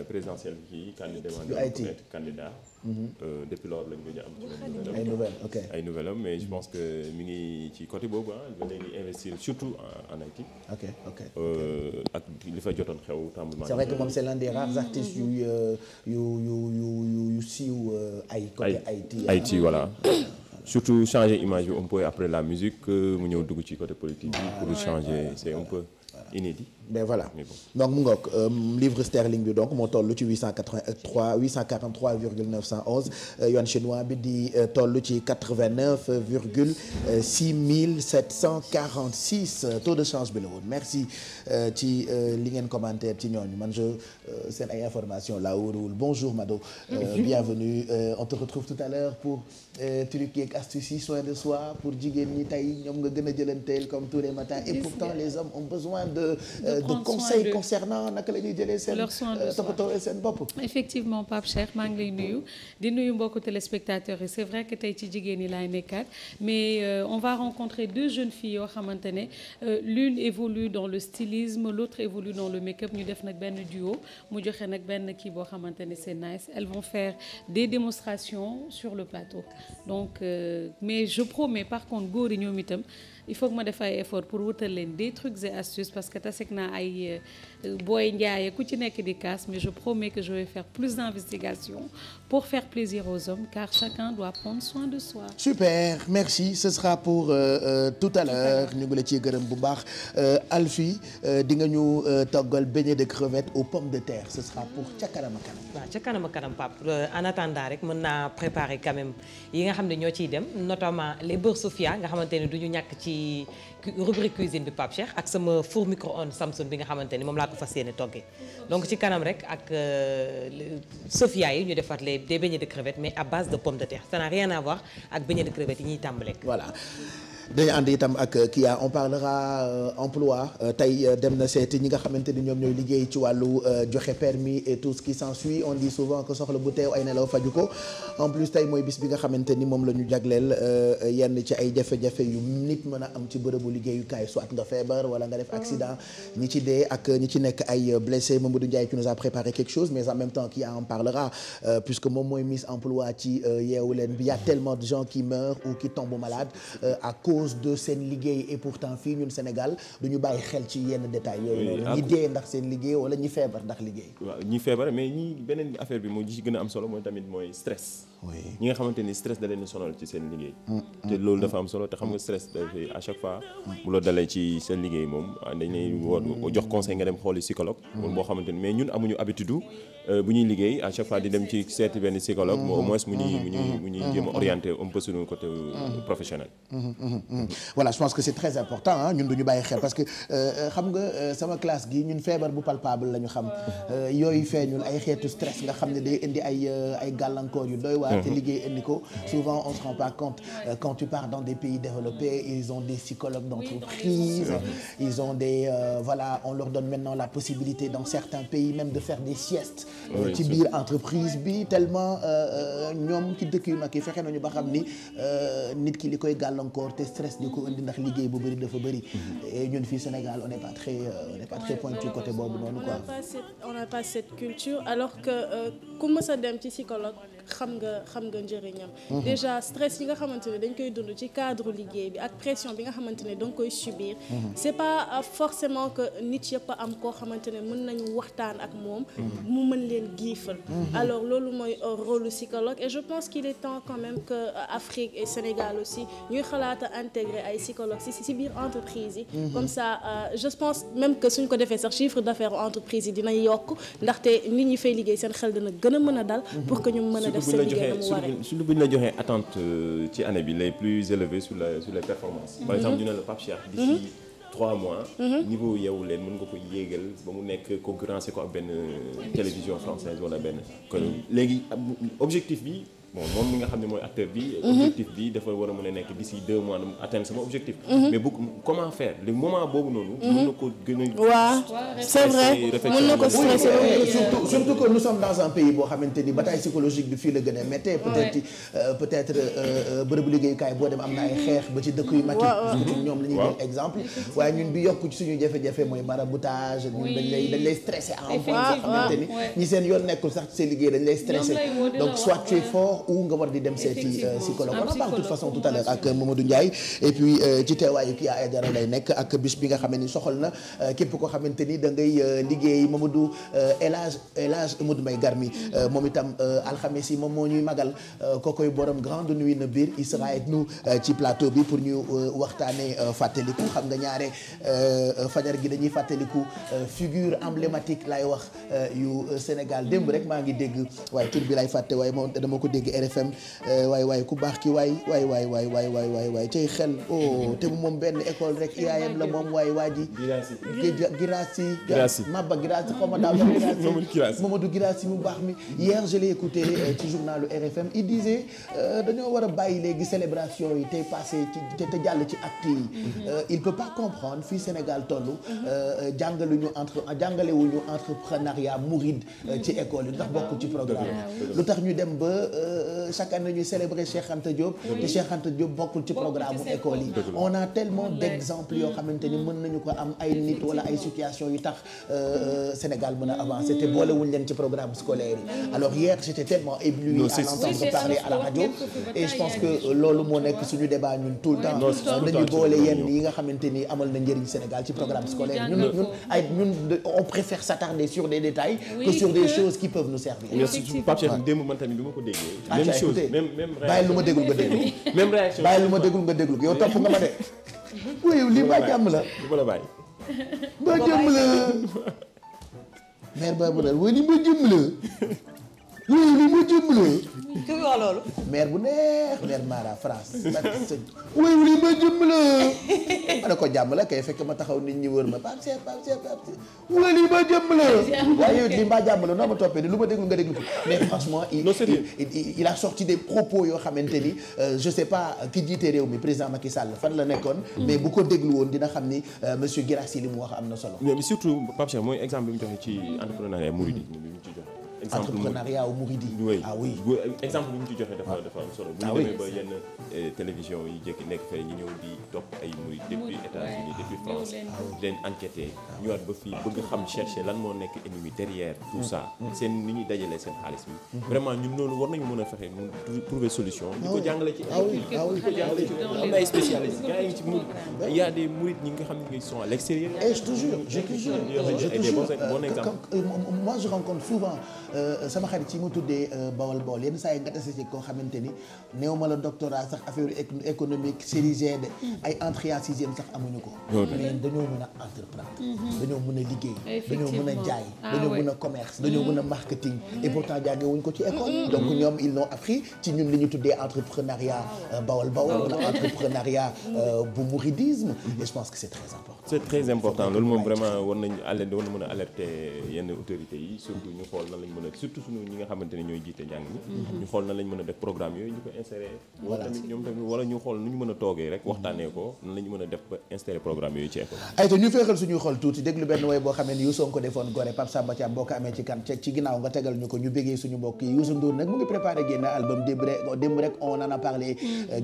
Speaker 9: présidentielle kii. candidat candidat. Euh, depuis lors lañ gëj am. ci ay nouvelles am mais je mm-hmm. pense que mi ngi ci côté boobu ah, investir surtout en en Haïti. ok ok euh, ak li fa jotoon xew tremblement. c'est vrai que moom c'est l'un
Speaker 5: des rares artistes euh, yu yu yu yu siiw ay. côté Haïti Haïti ah. voilà.
Speaker 9: surtout changer image bi un peu après la musique mu ñëw dugg ci côté politique bi. Ah, pour changer c'est un peu inédit.
Speaker 5: mais voilà donc mu ngoog euh, livre sterling bi donc moo toll ci 883 843 virgule 911 euh, yuan chinois bi di euh, toll ci 89 virgule 6746 taux de change bi la woon merci ci li ngeen commentaire ci ñooñu man je seen la wóoruwul bonjour Mado bienvenue on te retrouve tout pour trucs yeeg ñi tey ñoom a jëlanteel comme tous les de conseils concernant naka la ñuy jëlee seen euh, toppatoo seen bopp
Speaker 8: effectivement Pape Cheikh maa ngi lay nuyu di nuyu mbokku téléspectateurs yi c'est vrai que tey ci jigéen yi laay nekkaat mais euh, on va rencontrer deux jeunes filles yoo xamante ne euh, l'une évolue dans le stylisme l'autre évolue dans le make-up ñu def nag benn duo mu joxe nag benn kii boo xamante ne c'est nice elles vont faire des démonstrations sur le plateau donc mais je promets par contre góor yi ñoom itam il faut que ma def ay effort pour wutal leen des et astuces parce que taseeg naa ay euh, booy njaaye ku ci nekk di kaas mais je promets que je vais faire plus d'investigation pour faire plaisir aux hommes car chacun doit prendre soin de soi.
Speaker 5: super merci ce sera pour euh, euh, tout à l'heure ñu ngi la ciy gërëm bu baax euh, Alfie euh, di nga ñu toggal beignet de crevettes aux pommes de terre ce sera pour ca kanama a
Speaker 8: kanam. waaw ca rek mën naa préparer quand même yi nga xam ne ñoo ciy dem notamment nga xamante ci rubrique cuisine bi Pape Cheikh ak sama four micro-ondes Samsung bi nga xamante ni moom laa ko fas yéene toggee donc ci kanam rek ak euh, Sofia yi ñu defar les des beignets de crevettes mais à base de pommes de terre ça n'a rien à voir ak beignets de crevettes yi ñuy tàmbaleek
Speaker 5: voilà dañu ànd itam ak euh, Kia on parlera euh, emploi euh, tey dem na seeti ñi nga xamante ni ñoom ñooy liggéey ci wàllu joxe permis et tout ce qui s'ensuit on dit soxla bu teew ay nelaw faju ko en plus tey mooy bis bi nga xamante ni moom la ñu jagleel yenn ci ay jafe-jafe yu nit mën a am ci bërëbu liggéeyukaay soit nga feebar wala nga def mm. accident ñi ci dee ak ñi ci nekk ay blessé mais en même temps Kia on moom mooy mis emploi ci yeewu leen bi y a tellement de gens qui meurent ou qui t malades cause de seen liggéey et fii ñun Sénégal du ñu bàyyi xel ci yenn détails yooyu noonu ñi dee ndax seen liggéey wala ñi feebar ndax liggéey
Speaker 9: waaw ñi feebar mais ñi beneen affaire bi mooy li ci gën a am solo mooy tamit mooy stress ñi nga xamante ni stress da leen sonal ci seen liggéey. Mm, mm, te loolu dafa am mm. solo te xam nga stress dalee ci seen liggéey moom ah, dañ lay woo jox conseil nga dem xooli psychologue. moom boo xamante mais ñun amuñu habitude euh, bu ñuy liggéey à chaque fois di dem ci seeti benn psychologue. au moins mu ñuy mu ñuy mu ñuy jéem a orienté un peu suñu euh, professionnel.
Speaker 5: voilà je pense que c'est très important ñun duñu bàyyi xel parce que euh, xam nga sama classe gi ñun feebar te liggéey indi ko souvent on se rend pas compte euh, quand dans des pays développés ils ont des psychologues d'entreprise euh, on leur donne maintenant la possibilité dans certains pays même de faire des siestes euh, ci biir entreprise bi tellement ñoom ci dëkk yu mag yi fexe nañu ba xam ni nit ki li koy gàllankoor te stress di ko indi ndax liggéey bu bëri dafa bëri mhm. et ñun fii Sénégal on n'est pas très on n'est pas très boobu noonu quoi
Speaker 6: on n'a pas cette culture xam nga xam nga njëriñam. Mhm. déjà stress yi nga xamante ne dañ koy dund ci cadre liggéey bi ak pression bi nga xamante ne danga koy subir. Mhm. c'est pas euh, forcément que nit yëpp am koo xamante ne mën nañu waxtaan ak moom. Mhm. mu mën leen giifal. alors loolu mooy euh, rôle psychologue et je pense qu'il est temps quand même que euh, Afrique et Sénégal aussi ñuy xalaata a ay psychologue si si biir entreprise yi. comme ça je pense même que suñ ko defee sax chiffre d'affaires entreprise yi dina yokk ndaxte nit ñi fay liggéey seen xel dina gën mën a dal. def seen liggéey na
Speaker 9: mu bu ñu la joxee attente euh, ci année bi les plus élevées sur la su la performances. Mhm. par exemple ñu ne la Pape Cheikh d'ici mhm. trois mois. Mhm. niveau Yeewu Leen mën nga ko yéegal ba mu nekk concurrencé ko ak benn euh, télévision française wala benn. kon léegi objectif bi. bon moom mi nga xam ne mooy acteur bi. Mhm. objectif bi dafa war a mën a nekk d'ici deux mois mu atteindre sama objectif. Mhm. mais bu comment faire le moment boobu noonu. Mhm. mën na ko gën a. waaw c'est ko stressé boo xamante ni
Speaker 5: bataille psychologique bi fii la gën a méttee. peut-être euh, peut-être euh, euh, bërëbu liggéeyukaay boo dem am na xeex ba ci dëkk yu mag yi. ñoom la ñuy jël exemple. waaye ñun bi yokku ci suñu jafe-jafe mooy maraboutage ñun dañ lay dañ lay stressé. effectivement seen yoon nekkul sax ci seen liggéey dañ lay stressé donc soit tu où nga war di dem seeti euh, psychologue on en parle de toute façon tout à l'heure ak Mamadou Ndiaye et puis euh, ci teewaayu bi nga xam ni soxal na euh, képp koo xamante ni da ngay liggéey Mamadou El Hadj El Hadj Amadou May Garmi mm-hmm. moom itam alxames yi moom moo ñuy magal kookoy borom grande nuit na biir il sera avec nous ci plateau bi pour ñu waxtaanee fàttaliku xam nga ñaare fajar gi dañuy fàttaliku figure emblématique lay wax yu Sénégal démb rek maa ngi dégg waaye tur bi lay fàtte waaye moom dama ko dégg RFM euh, waay waay ku baax ki waay waay waay waay waay waay waay waay cay xel o oh, te moom benn école rek IAM moom waay waa ji Girassi Girassi Maba Girassi xaw ma daal Mamadou Girassi mu baax mi hier je l'ai écouté euh, ci journalu RFM il disait euh, dañoo war a bàyyi léegi célébration yi tey passé ci te jàll ci acte yi mhm. il peut pas comprendre fii Sénégal toll mhm. jàngaluñu entre jàngalewuñu entrepreneuriat mouride ci école yi ndax bokk ci programme ah lu tax ñu dem ba Euh, chaque année ñuy célébrer Cheikh Anta Diop. te Cheikh Anta Diop bokkul ci programme bu école yi. on a tellement d'exemples yoo xamante ni mën nañu ko am ay nit wala ay situation yu tax euh, Sénégal mën a avancer te boolewuñ leen ci programme scolaire yi. alors hier j'étais tellement ébloui à l'entendre parler à la radio et je pense que loolu moo nekk suñu débat ñun tout le temps dañu boole yenn yi nga xamante ni amal na njëriñ Sénégal ci programme scolaire ñun ñun ay ñun
Speaker 9: ko déggee. Ah, même chose même même bàyyi lu ma déggul nga déglu [laughs] même réaction lu ma déggul nga déglu yow topp nga ma de.
Speaker 5: [laughs] waaye yow lii baa jàmm
Speaker 9: la du ma la bàyyi.
Speaker 7: baa jàmm
Speaker 10: la.
Speaker 5: [laughs] mère baa mu ne waaye lii jàmm la. yooyu li ma jëmbalee. loolu. maire bu neex maire Mara France. wéyu li ma jëmbalee. ma ne ko jàmm la kay fekk ma taxaw nit ñi wër ma Pape Cheikh Pape Cheikh ma jëmbalee. waaye yow jàmm la toppee lu ma déglu nga déglu ko mais franchement. il il yoo xamante ni euh, je sais pas euh, ki jiite réew mi président ki Sall fan la nekkoon. Mm. mais bu ko déglu woon dina xam ni euh, monsieur Guirassi li mu wax am na solo.
Speaker 9: mais surtout Pape Cheikh mooy exemple bi mu joxe ci ci joxe. entrepreneuriat au Mouridi. ah oui exemple bi ñu ci joxe dafa ah. dafa am solo. ah oui bu ñu demee ba yenn eh, télévision yi jékki nekk fay ñu ñëw di topp ay Mouride depuis États-Unis depuis France. leen ah enquêté ah ñëwaat ba fii bëgg xam chercher lan moo nekk ennemi derrière tout mm. ça. Mm. seen ni ñuy dajalee seen xaalis bi. Mm-hmm. vraiment ñun noonu war nañu mën a fexe mu trouver solution. di ko jàngale ci école yi ko jàngale ci am na ay spécialistes gars yi ci Mouride y a des Mourides ñi nga xam ne ils sont à l'extérieur. et eh, je te jure je te bon exemple
Speaker 5: euh, moi je rencontre Euh, sama xarit ci mu tuddee euh, bawal bawal yenn saa yi nga tase ci koo xamante ni néew ma la doctorat sax affaire économique série G de mm-hmm. ay entrée en sax amuñu ko mais dañoo mën a entreprendre mm-hmm. dañoo mun a liggéey dañoo mun a jaay ah dañoo mën a commerce dañoo mën a marketing mm-hmm. et pourtant jànge ko ci école donc ñoom ils l'ont appris ci ñun li tuddee entrepreneuriat bawal bawal wala entrepreneuriat euh, bu mouridisme et je pense que c'est
Speaker 9: très important loolu moom vraiment war nañ alerte war na mën a alerter yenn mën a surtout suñu ñi nga xamante ne ñooy jiite njàng mi mhm. ñu xool na lañ mën a def programme yooyu ñu ko insérer wala ñu xool nu ñu mën a toogee rek waxtaanee ko nan lañu mën a def ba programme yooyu ci ay te
Speaker 5: ñu feexal suñuy xool tuuti déglu benn way boo xamee ni Youssou ko defoon Gorée Pape Samba Thiam boo ko amee ci kan ci ginnaaw nga tegal ñu ko ñu bégee suñu mbokk yi Youssou Ndour nag mu ngi préparé génn album démb rek on en a parlé mhm. euh,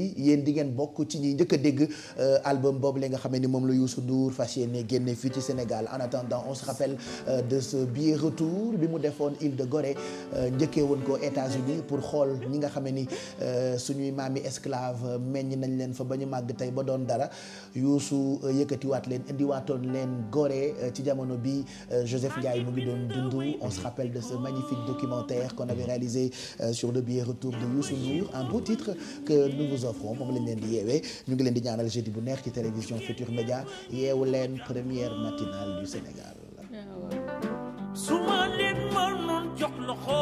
Speaker 5: nii yéen di ngeen bokk ci ñi njëkk a dégg euh, album boobu nga xam ne moom la Youssou Ndour fas yéene génne fii ci Sénégal en attendant on se rappelle euh, de ce billet retour bi mu defoon île de Gorée euh, njëkkee woon ko États-Unis pour xool ñi nga xam ni suñuy maami esclave meññ nañ leen fa ba ñu màgg tey ba doon dara Youssou yëkkatiwaat leen indiwaatoon leen Gorée ci jamono bi Joseph Ndiaye mu ngi doon dund on se rappelle de ce magnifique documentaire qu'on avait réalisé sur le billet retour offrons moom lañ leen di yeewee ñu ngi leen di ñaanal jeudi bu neex ci télévision Futur Média yeewu leen première matinale du Sénégal.
Speaker 10: su ma leen mënoon jox loxo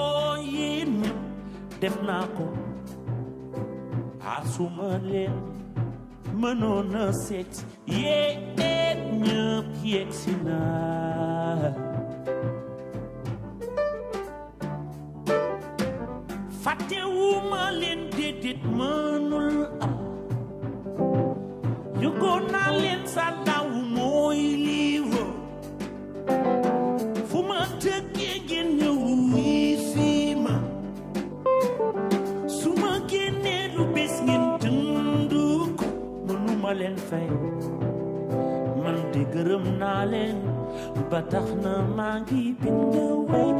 Speaker 10: yéen def naa ko ah su ma leen mënoon a seet yéen ñëpp yegg si naa fàttewuma leen mënul am yëgoon leen sa ndaw mooy lii wër fu ma tëggee ngeen ñëw wii ma su ma génnee lu bés ngeen dënd ko mënuma leen man de gërëm naa leen ba na maa ngi bind way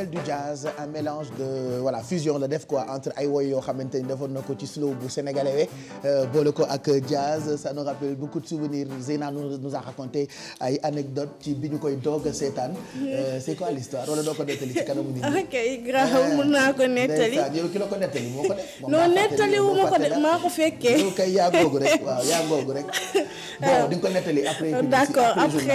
Speaker 5: rappelle du jazz un mélange de voilà fusion la def quoi entre ay woy yoo xamante ni defoon na ko ci slow bu sénégalais Euh, boole ko ak jazz sa nous rappelle beaucoup de souvenirs Zeyna nous a raconté ay anecdotes ci bi ñu koy doog a seetaan euh, c'est quoi l'histoire wala doo ko
Speaker 6: nettali ci kanamu nit ñi. Ah, nettali. la ko nettali moo ko def. non nettali wu ma ko def maa ko fekkee. yow kay yaa googu rek waaw yaa [laughs] googu
Speaker 5: rek. bon di ko nettali après. d'accord après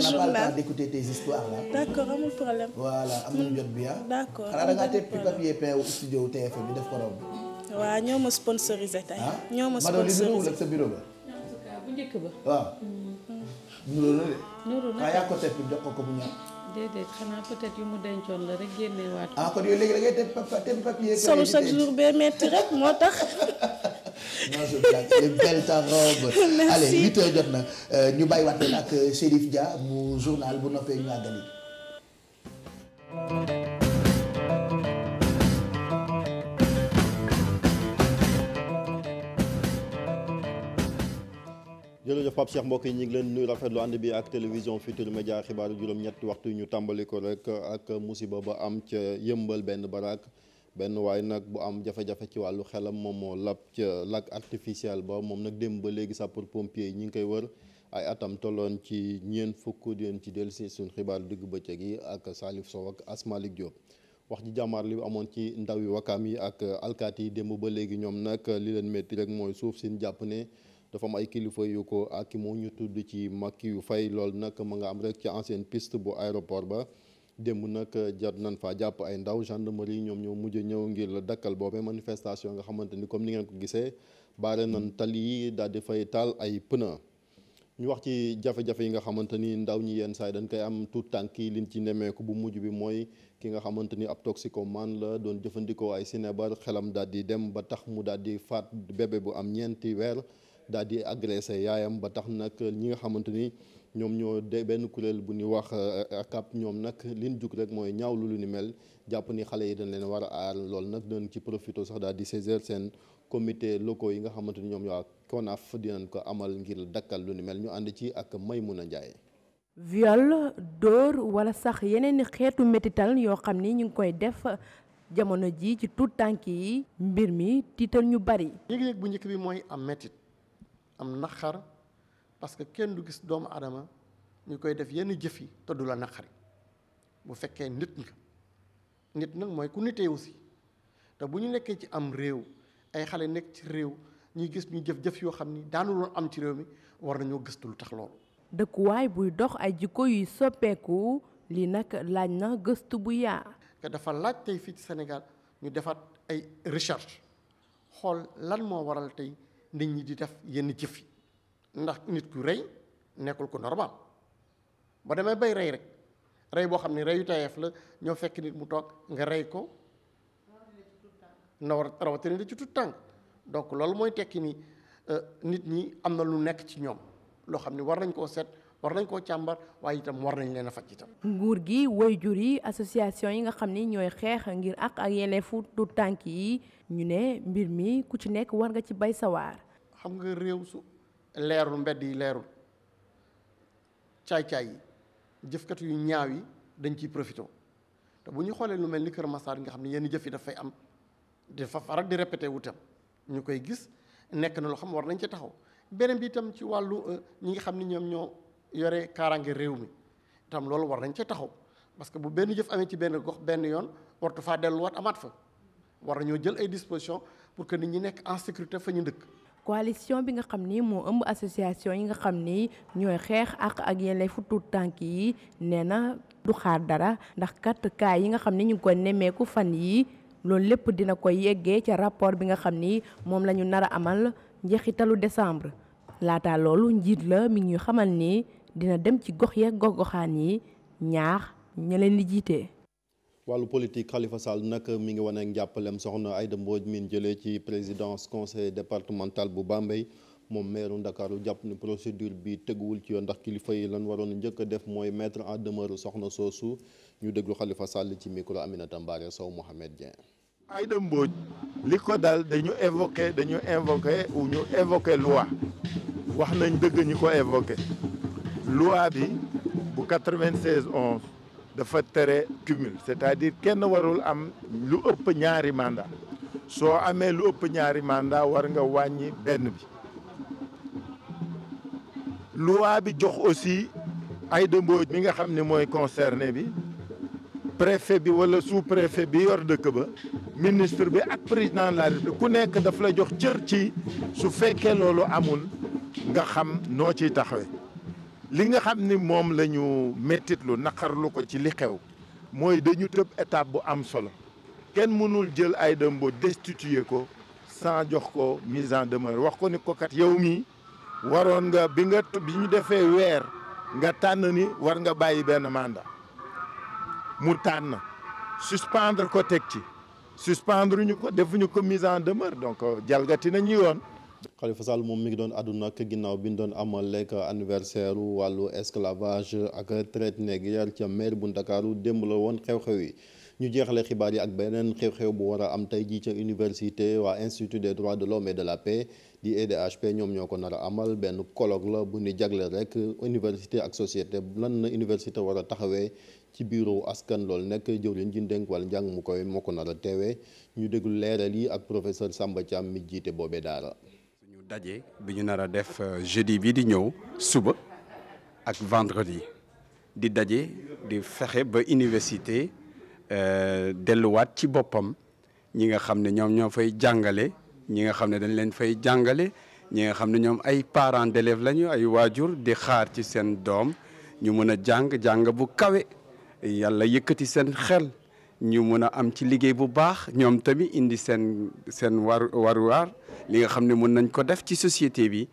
Speaker 5: journal bi ah,
Speaker 6: parce qu'on n'a pas le temps
Speaker 5: am nañu jot bi ah. d'accord xanaa da ngaa teg papier peint bi def ko romb.
Speaker 6: waaw ñoo ma sponsorisé tey. Ah, ñoo ma sponsorisé madame ak sa bureau ba. en tout cas bu njëkk ba.
Speaker 8: waaw. nuru na de. nuru na de yaa ko teg jox ko ko xanaa peut yu mu dencoon la rek génneewaat. ah kon yooyu
Speaker 6: léegi da ngay solu chaque jour bee metti rek moo tax.
Speaker 5: [laughs] non je blague ta robe. [laughs] merci allez jot na euh, ñu bàyyiwaat leen ak euh, Chérif Dia mu journal bu noppee ñu àggali.
Speaker 1: jërëjëf Pape Cheikh mbokk yi ñu ngi leen nuyu rafetlu ànd bi ak télévision Futurs Médias xibaaru juróom-ñetti waxtu ñu tàmbali ko rek ak musiba ba am ca yëmbal benn baraak benn waaye nag bu am jafe ci wàllu xelam moom moo lab ca lac artificiel ba moom nag démb ba léegi sapeur pompier yi ñu ngi koy wër ay atam tolloon ci ñeent fukk di ci dellu si suñ xibaaru diggu bëccëg yi ak Salif Sow ak Asmalik Diop. wax ji jàmmaar li amoon ci ndaw yi wakaam yi ak alkaati yi démb ba léegi ñoom nag li leen métti rek mooy suuf seen jàpp ne. dafa am ay kilifa yu ko ak moo ñu tudd ci Macky yu fay lool nag ma nga am rek ci ancienne piste bu aéroport ba démb nag jot nañ faa jàpp ay ndaw gendarmerie ñoom ñoo mujj ñëw ngir dakkal boobee manifestation nga xamante ni comme ni ngeen ko gisee bare nañ tali yi daal di fay taal ay pneu ñu wax ci jafe-jafe yi nga xamante ni ndaw ñi yenn saay dañ koy am tout tànk yi liñ ci nemeeku bu mujj bi mooy ki nga xamante ni ab toxicomane la doon jëfandikoo ay sinébar xelam daal di dem ba tax mu daal di faat bébé bu am ñeenti weer daal di agressé yaayam ba tax nag ñi nga xamante ni ñoom ñoo de benn kuréel bu ñuy wax euh, akap ñoom nag liñ jug rek mooy ñaaw lu lu ni mel jàpp ni xale yi dañ leen war a aar lool nag dinañ ci profité sax daal di saisir seen comité locaux yi nga xamante ni ñoom ñoo CONAF dinañ ko amal ngir dakkal lu ni mel ñu ànd ci ak Maymuna Njaay
Speaker 11: viol dóor wala sax yeneen xeetu métital yoo xam ni ñu ngi koy def
Speaker 12: jamono ji ci tuut tànk yi mbir mi tiital ñu bari yëg-yëg bu njëkk bi mooy am métit am naqar parce que kenn du gis doomu aadama ñu koy def yenn jëf yi te du la naqari bu fekkee nit nga nit nag mooy ku nitee aussi te bu ñu nekkee ci am réew ay xale nekk ci réew ñuy gis ñu jëf-jëf yoo xam ni daanu loon am ci réew mi war nañoo gëstu lu tax loolu.
Speaker 11: dëkkuwaay buy dox ay jikko yuy soppeeku lii nag laaj na gëstu bu yaa.
Speaker 12: te dafa laaj tey fii ci senegal ñu defaat ay recherche xool lan moo waral tey. nit ñi di def yenn jëf yi ndax nit ku rey nekkul ko normal ba demee bay rey rek rey boo xam ne reyu tayeef la ñoo fekk nit mu toog nga rey ko na war rawatina di ci tut tànk donc loolu mooy tekki ni euh, nit ñi am na lu nekk ci ñoom loo xam ne war nañ koo set war nañ koo càmbar waaye itam war nañ leen a faj itam.
Speaker 11: nguur gi woy jur yi association yi nga xam ni ñooy xeex ngir àq ak yelleefu tut tànk yi. ñu ne mbir mi ku ci nekk war nga ci bay sawaar
Speaker 12: xam nga réew su leerul mbedd yi leerul caay-caay yi jëfkat yu ñaaw yi dañ ciy profité te bu ñu xoolee lu mel ni Kër Massar nga xam ne yenn jëf yi dafay am dafa faral di répété wutam ñu koy gis nekk na loo xam war nañ ci taxaw beneen bi itam ci wàllu euh, ñi nga xam ne ñoom ñoo yore kaaraange réew mi itam loolu war nañ ci taxaw parce que bu benn jëf amee ci benn gox benn yoon wartu faa delluwaat amaat fa war ñoo jël ay dispositions pour que nit ñi nekk en sécurité fa ñu dëkk.
Speaker 11: coalition bi nga xam ni moo ëmb association yi nga xam ni ñooy xeex ak ak yelleefu tuut tànk yi nee na du xaar dara ndax kat cas yi nga xam ni ñu ngi ko nemmeeku fan yi loolu lépp dina ko yeggee ca rapport bi nga xam ni moom la ñu nar a amal njeexitalu décembre laata loolu njiit la mi ngi xamal ni dina dem ci gox yeeg gox goxaan yi ñaax ña leen di
Speaker 1: wàllu politique Khalifa Sall nag mi ngi wane ak njàppalem soxna Aïda Mbodj min jëlee ci présidence conseil départemental bu Bambey moom maire Ndakaaru jàpp ne procédure bi teguwul ci yoon ndax kilifa yi lan waroon njëkk a def mooy mettre en demeure soxna soosu ñu déglu Khalifa Sall ci micro Aminata Mbaare Sow Mohamed Dieng. Aïda Mbodj li ko daal dañu évoqué dañu invoqué
Speaker 3: ou ñu évoqué loi wax nañ dëgg ñu ko évoqué loi bi bu 96 dafa tere cumul c'est-à-dire kenn warul am lu ëpp ñaari mandat soo amee lu ëpp ñaari mandat war nga wàññi benn bi loi bi jox aussi ay Mbodj mi nga xam ni mooy concerné bi préfet bi wala sous préfet bi yor dëkk ba ministre bi ak président de la ku nekk daf la jox cër ci su fekkee loolu amul nga xam noo ciy taxawe li nga xam ni moom lañu metitlu naqarlu ko ci li xew mooy dañu tëb étape bu am solo kenn mënul jël ay Aïda Mbodj destituer ko sans jox ko mise en demeure wax ko ni ko kat yow mii waroon nga bi nga bi ñu defee weer nga tànn ni war nga bàyyi benn mànda mu tànn suspendre ko
Speaker 1: teg ci suspendre ñu ko defuñu ko mise en demeure donc jalgati nañu yoon. Khalifa Sall moom mi ngi doon àdduna ak ginnaaw bi ñu doon amal lekk anniversaire wàllu esclavage ak traite négrière ca maire bu Ndakaaru démb la woon xew-xew yi. ñu jeexale xibaar yi ak beneen xew-xew bu war a am tey jii ca université waa institut des droits de l'homme et de la paix di EDHP ñoom ñoo ko nar a amal benn kolog la bu ni jagle rek université ak société lan na université war a taxawee ci bureau askan loolu nekk jëwriñ ji dénk wàll njàng mu moo ko a teewee ñu déglu leeral yi ak professeur Samba Thiam mi jiite boobee daara
Speaker 4: daje bi ñu nar a def euh, jeudi bii di ñëw suba ak vendredi di daje di fexe ba université euh, delluwaat ci boppam ñi nga xam ne ñoom ñoo fay jàngale ñi nga xam ne dañ leen fay jàngale ñi nga xam ne ñoom ay parents d'élèves lañu ay waajur di xaar ci seen doom ñu mën a jàng jàng bu kawe yàlla yëkkati seen xel ñu mën a am ci liggéey bu baax ñoom tamit indi seen seen waru li nga xam ne mën nañ ko def ci société bi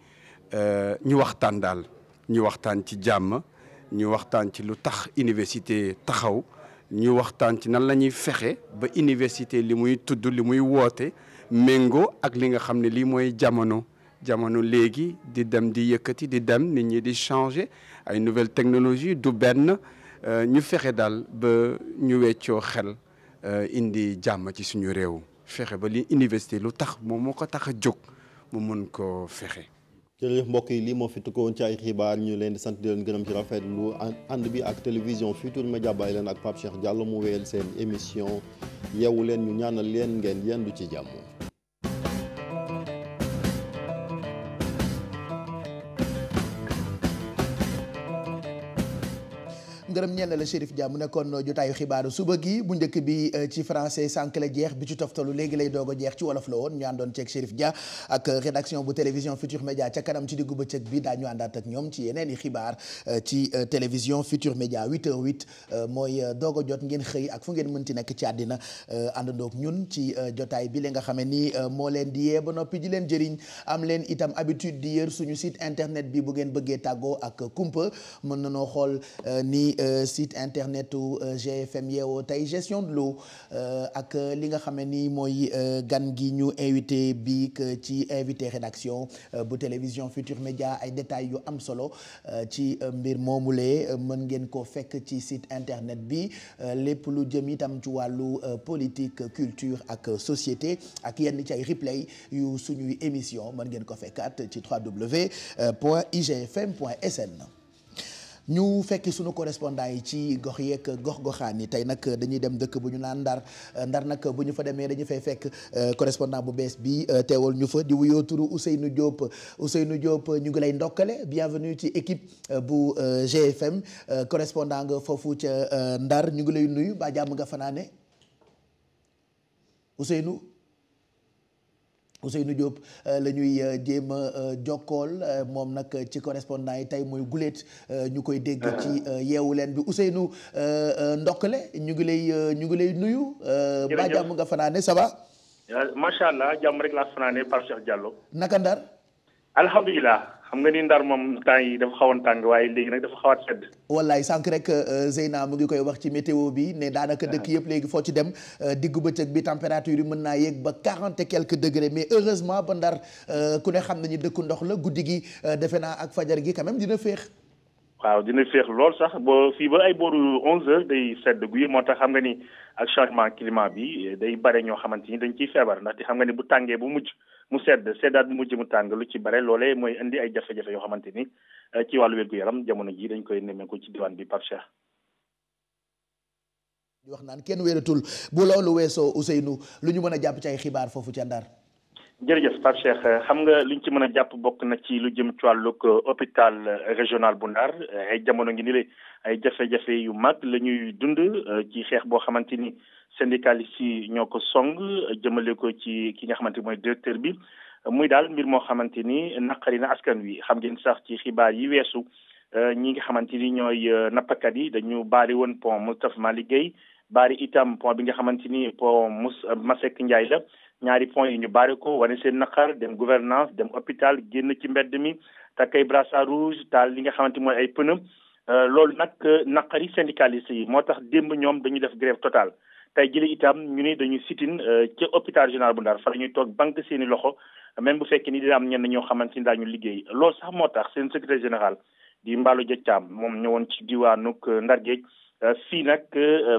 Speaker 4: euh, ñu waxtaan daal ñu waxtaan ci jàmm ñu waxtaan ci lu tax université taxaw ñu waxtaan ci nan la ñuy fexe ba université li muy tudd li muy woote méngoo ak li nga xam ne lii mooy jamono jamono léegi di dem di yëkkati di dem nit ñi di changé ay nouvelles technologie du benn euh, ñu fexe daal ba ñu weccoo xel euh, indi jàmm ci suñu réew. fexe ba li université lu tax moom moo ko tax a jóg mu mën
Speaker 1: ko fexe. jërëjëf mbokk yi lii moo fi tukkoon ci ay xibaar ñu leen di sant di leen gërëm ci rafetlu ànd bi ak télévision Futurs ma bàyyi leen ak Pape Cheikh Diallo mu wéyal seen émission yeewu leen ñu ñaanal leen ngeen yendu ci jàmm.
Speaker 5: gërëm ñeel na la Chérif Dia mu nekkoon jotaayu xibaaru suba gi bu njëkk bi euh, ci français sànq la jeex bi ci toftalu léegi lay doog a jeex ci wolof la woon ñu àndoon ceeg Chérif Dia ak rédaction bu télévision Futur Média ca kanam ci diggu bëccëg bi daañu àndaat ak ñoom i euh, euh, ñun ci jotaay bi li nga xam ni moo leen di yee noppi di leen jëriñ am leen itam habitude di yër suñu site internet bi bu ngeen bëggee tàggoo ak kumpa mën nanoo xool ni Euh, site internet u euh, GFM yeewoo tey gestion de l'eau euh, ak li nga xam ne ni mooy gan gi ñu invité bi ci invité rédaction bu télévision Futur Média ay détails yu am solo ci mbir moomulee mën ngeen ko fekk ci site internet bi lépp lu jëm itam ci wàllu politique culture ak société ak yenn ci ay replay yu suñuy émission mën ngeen ko fekkaat ci www.igfm.sn ñu fekki suñu correspondant yi ci gox yeeg gox-goxaan yi tey nag dañuy dem dëkk bu ñu naan ndar euh, ndar nag bu ñu fa demee dañu fay fekk euh, correspondant bu bees bi euh, teewal ñu fa di wuyoo turu Ousseynou Diop Ousseynou Diop ñu ngi lay ndokkale bienvenue ci équipe bu GFM correspondant nga foofu ca ndar ñu ngi lay nuyu ba jàmm nga fanaane Ousseynou Diop euh, la ñuy euh, jéem a euh, jokkool moom nag ci correspondant yi tey mooy guléet ñu koy dégg ah. ci yeewu leen bi Ousseynou ndokkale ñu ngi lay ñu ngi lay nuyu ba jàmm nga fanaane ça va
Speaker 13: macha allah jàmm rek laa fanaane par Cheikh Diallo naka ndar alhamdulilah xam nga ni ndar moom temps yi dafa xawoon tàng waaye léegi nag dafa xawaat sedd
Speaker 5: wallaay sànq rek euh, Zeyna mu ngi koy wax ci météo bi ne daanaka ah. dëkk yëpp léegi foo ci dem euh, diggu bëccëg bi température yi mën naa yéeg ba quarante et quelques mais heureusement ba ndar euh, ku ne xam nañu dëkku ndox la guddi gi defe naa ak fajar gi quand même dina féex
Speaker 13: waaw dina féex lool sax ba fii ba ay booru onze heures day sedd guyi moo tax xam nga ni ak changement climat bi day bare ñoo xamante ni dañ ciy feebar ndaxte xam nga ni bu tàngee bu mujj mu sedd seddaat bi mujj mu tàng lu ci bare loole mooy indi ay jafe-jafe yoo xamante ni eh, ci wàllu wér-gu-yaram jamono ji dañ koy nemmeeku ci diwaan bi Pape Cheikh
Speaker 5: di wax naan kenn wératul bu loolu weesoo Ousseynou lu ñu mën a jàpp ci ay xibaar foofu ca
Speaker 13: jërëjëf Pape eh, xam nga liñ ci mën a jàpp bokk na ci lu jëm ci wàllug eh, hôpital régional bu Ndar ay jamono ngi ni le ay jafe-jafe yu mag lañuy dund ci xeex boo xamante ni syndicalistes yi ñoo ko song jëmale ko ci ki nga xamante mooy directeur bi muy daal mbir moo xamante ni naqari na askan wi xam ngeen sax ci xibaar yi weesu euh, ñi nga xamante ni ñooy euh, nappakat yi dañu bari woon pont Moustapha Malick liggéey baari itam pont bi nga xamante ni pont Mous Masseck Ndiaye la ñaari pont yi ñu bari ko wane seen naqar dem gouvernance dem hôpital génn ci mbedd mi takkay brassard rouge taal li nga xamante mooy ay pneu euh, loolu nag naqari syndicaliste yi moo tax démb ñoom dañu def grève totale tey jële itam ñu ne dañuy sitin euh, ca hôpital général bu Ndar fa la ñuy toog banque seeni loxo même bu fekkee ni dina am ñenn ñoo xamante ni daañu liggéey loolu sax moo tax seen secrétaire général di Mballo Dia Thiam moom ñëwoon ci diwaanu euh, Ndar Géej euh, fii nag